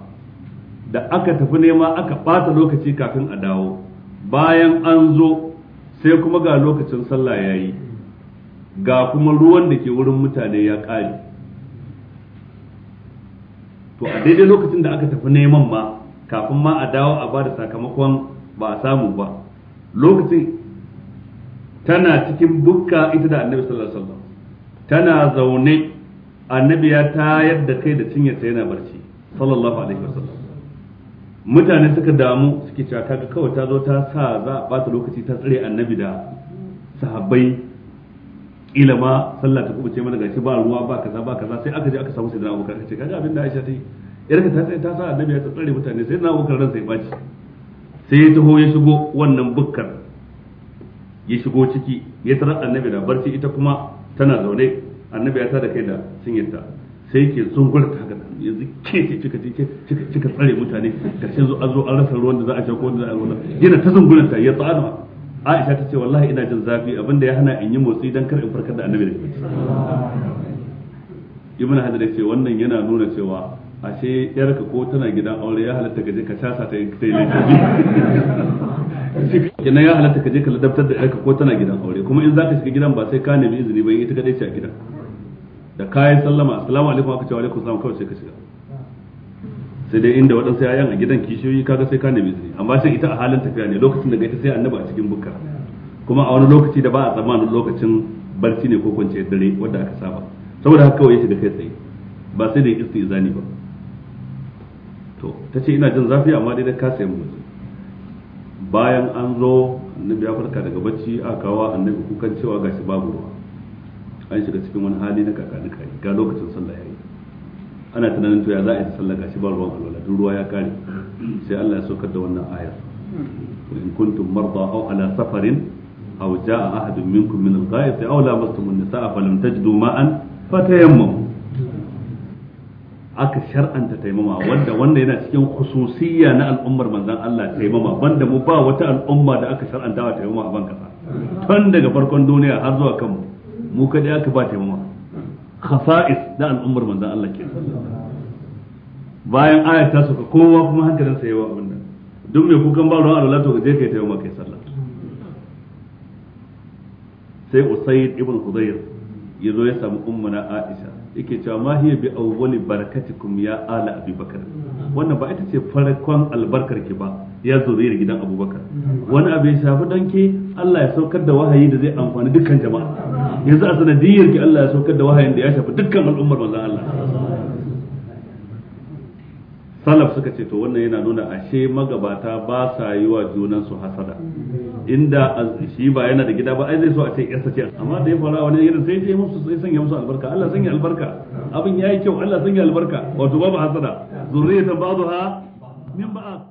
da aka tafi nema aka bata lokaci kafin a dawo bayan an zo sai kuma ga lokacin sallah ya yi ga kuma ruwan da ke wurin mutane ya ƙare to a daidai lokacin da aka tafi neman ma kafin ma a dawo a bada sakamakon ba a samu ba lokacin tana cikin bukka ita da annabi sallallahu alaihi wasallam tana zaune annabi ya tayar da kai da ta yana barci sallallahu alaihi wasallam mutane suka damu suke cewa kaga kawai ta zo ta sa za a bata lokaci ta tsare annabi da sahabbai kila ma sallah ta kubuce mana gashi ba ruwa ba kaza ba kaza sai aka je aka samu sayyidina Abubakar kace kaga abin da Aisha ta yi ka ta ta sa annabi ya tsare mutane sayyidina Abubakar ransa ya baci sai ya taho ya shigo wannan bukkar ya shigo ciki ya tarar annabi da barci ita kuma tana zaune annabi ya tada kai da sunyarta sai ke zungurta yanzu ke ce kika je kika tsare mutane karshen zo an zo an rasa ruwan da za a sha ko da za a ruwan yana ta ta ya tsada Aisha ta ce wallahi ina jin zafi abinda ya hana in yi motsi dan kar in farkar da annabi da Ibn Hajar ya ce wannan yana nuna cewa ashe yarka ko tana gidan aure ya halatta ka je ka casa ta ta yi laifi [LAUGHS] kina ya halatta ka je ka ladabtar da yarka ko tana gidan aure kuma in zaka shiga gidan ba sai ka nemi izini ba in ita kadai ce a gidan da kayan sallama assalamu alaikum aka ce wa alaikum kawai sai ka shiga sai dai inda waɗansu yayan a gidan kishiyoyi kaga sai ka nemi su amma sai ita a halin tafiya ne lokacin da gaita sai annaba a cikin bukka kuma a wani lokaci da ba a tsammanin lokacin barci ne ko kwance dare wanda aka saba saboda haka kawai ya shiga kai tsaye ba sai da zani ba to ta ce ina jin zafi amma dai da ka sayi mu bayan an zo annabi ya farka daga bacci a kawo annabi kukan cewa gashi babu ruwa an shiga cikin wani hali na kakani kai ga lokacin sallah yayi ana tunanin to ya za a yi sallah gashi ba ruwan alwala duk ruwa ya kare sai Allah ya saukar da wannan ayar in kuntum marda aw ala safarin aw jaa ahadun minkum min al-ghaib aw lamastum an-nisaa falam tajidu ma'an fatayammamu aka shar'anta taimama wanda wanda yana cikin khususiyya na al'ummar manzon Allah taimama banda mu ba wata al'umma da aka shar'anta wa taimama a ban kasa tun daga farkon duniya har zuwa kanmu mu kada aka ba taimama khasa'is da al'ummar manzon Allah ke bayan ayat ta suka kowa kuma sa yawa abin nan duk mai kukan ba ruwan alwala to je kai taimama kai sallah sai usayd ibn hudayr ya zo ya samu ummana aisha yake cewa ma hiya bi awwali barakatikum ya ala abubakar wannan ba ita ce farkon albarkar ki ba ya da gidan abubakar wani abu ya shafi danke Allah ya saukar da wahayi da zai amfani dukkan jama'a yanzu a sanadiyar ki Allah ya saukar da wahayin da ya shafi dukkan al'ummar manzon Allah salaf suka ce to wannan yana nuna ashe magabata ba sa yi wa junan su hasada inda shi ba yana da gida ba ai zai so a ce yarsa ce amma da ya fara wani irin sai je musu sai sanya musu albarka Allah sanya albarka abin yayi kyau Allah sanya albarka wato babu hasada zurriyatan ba'daha min ba'd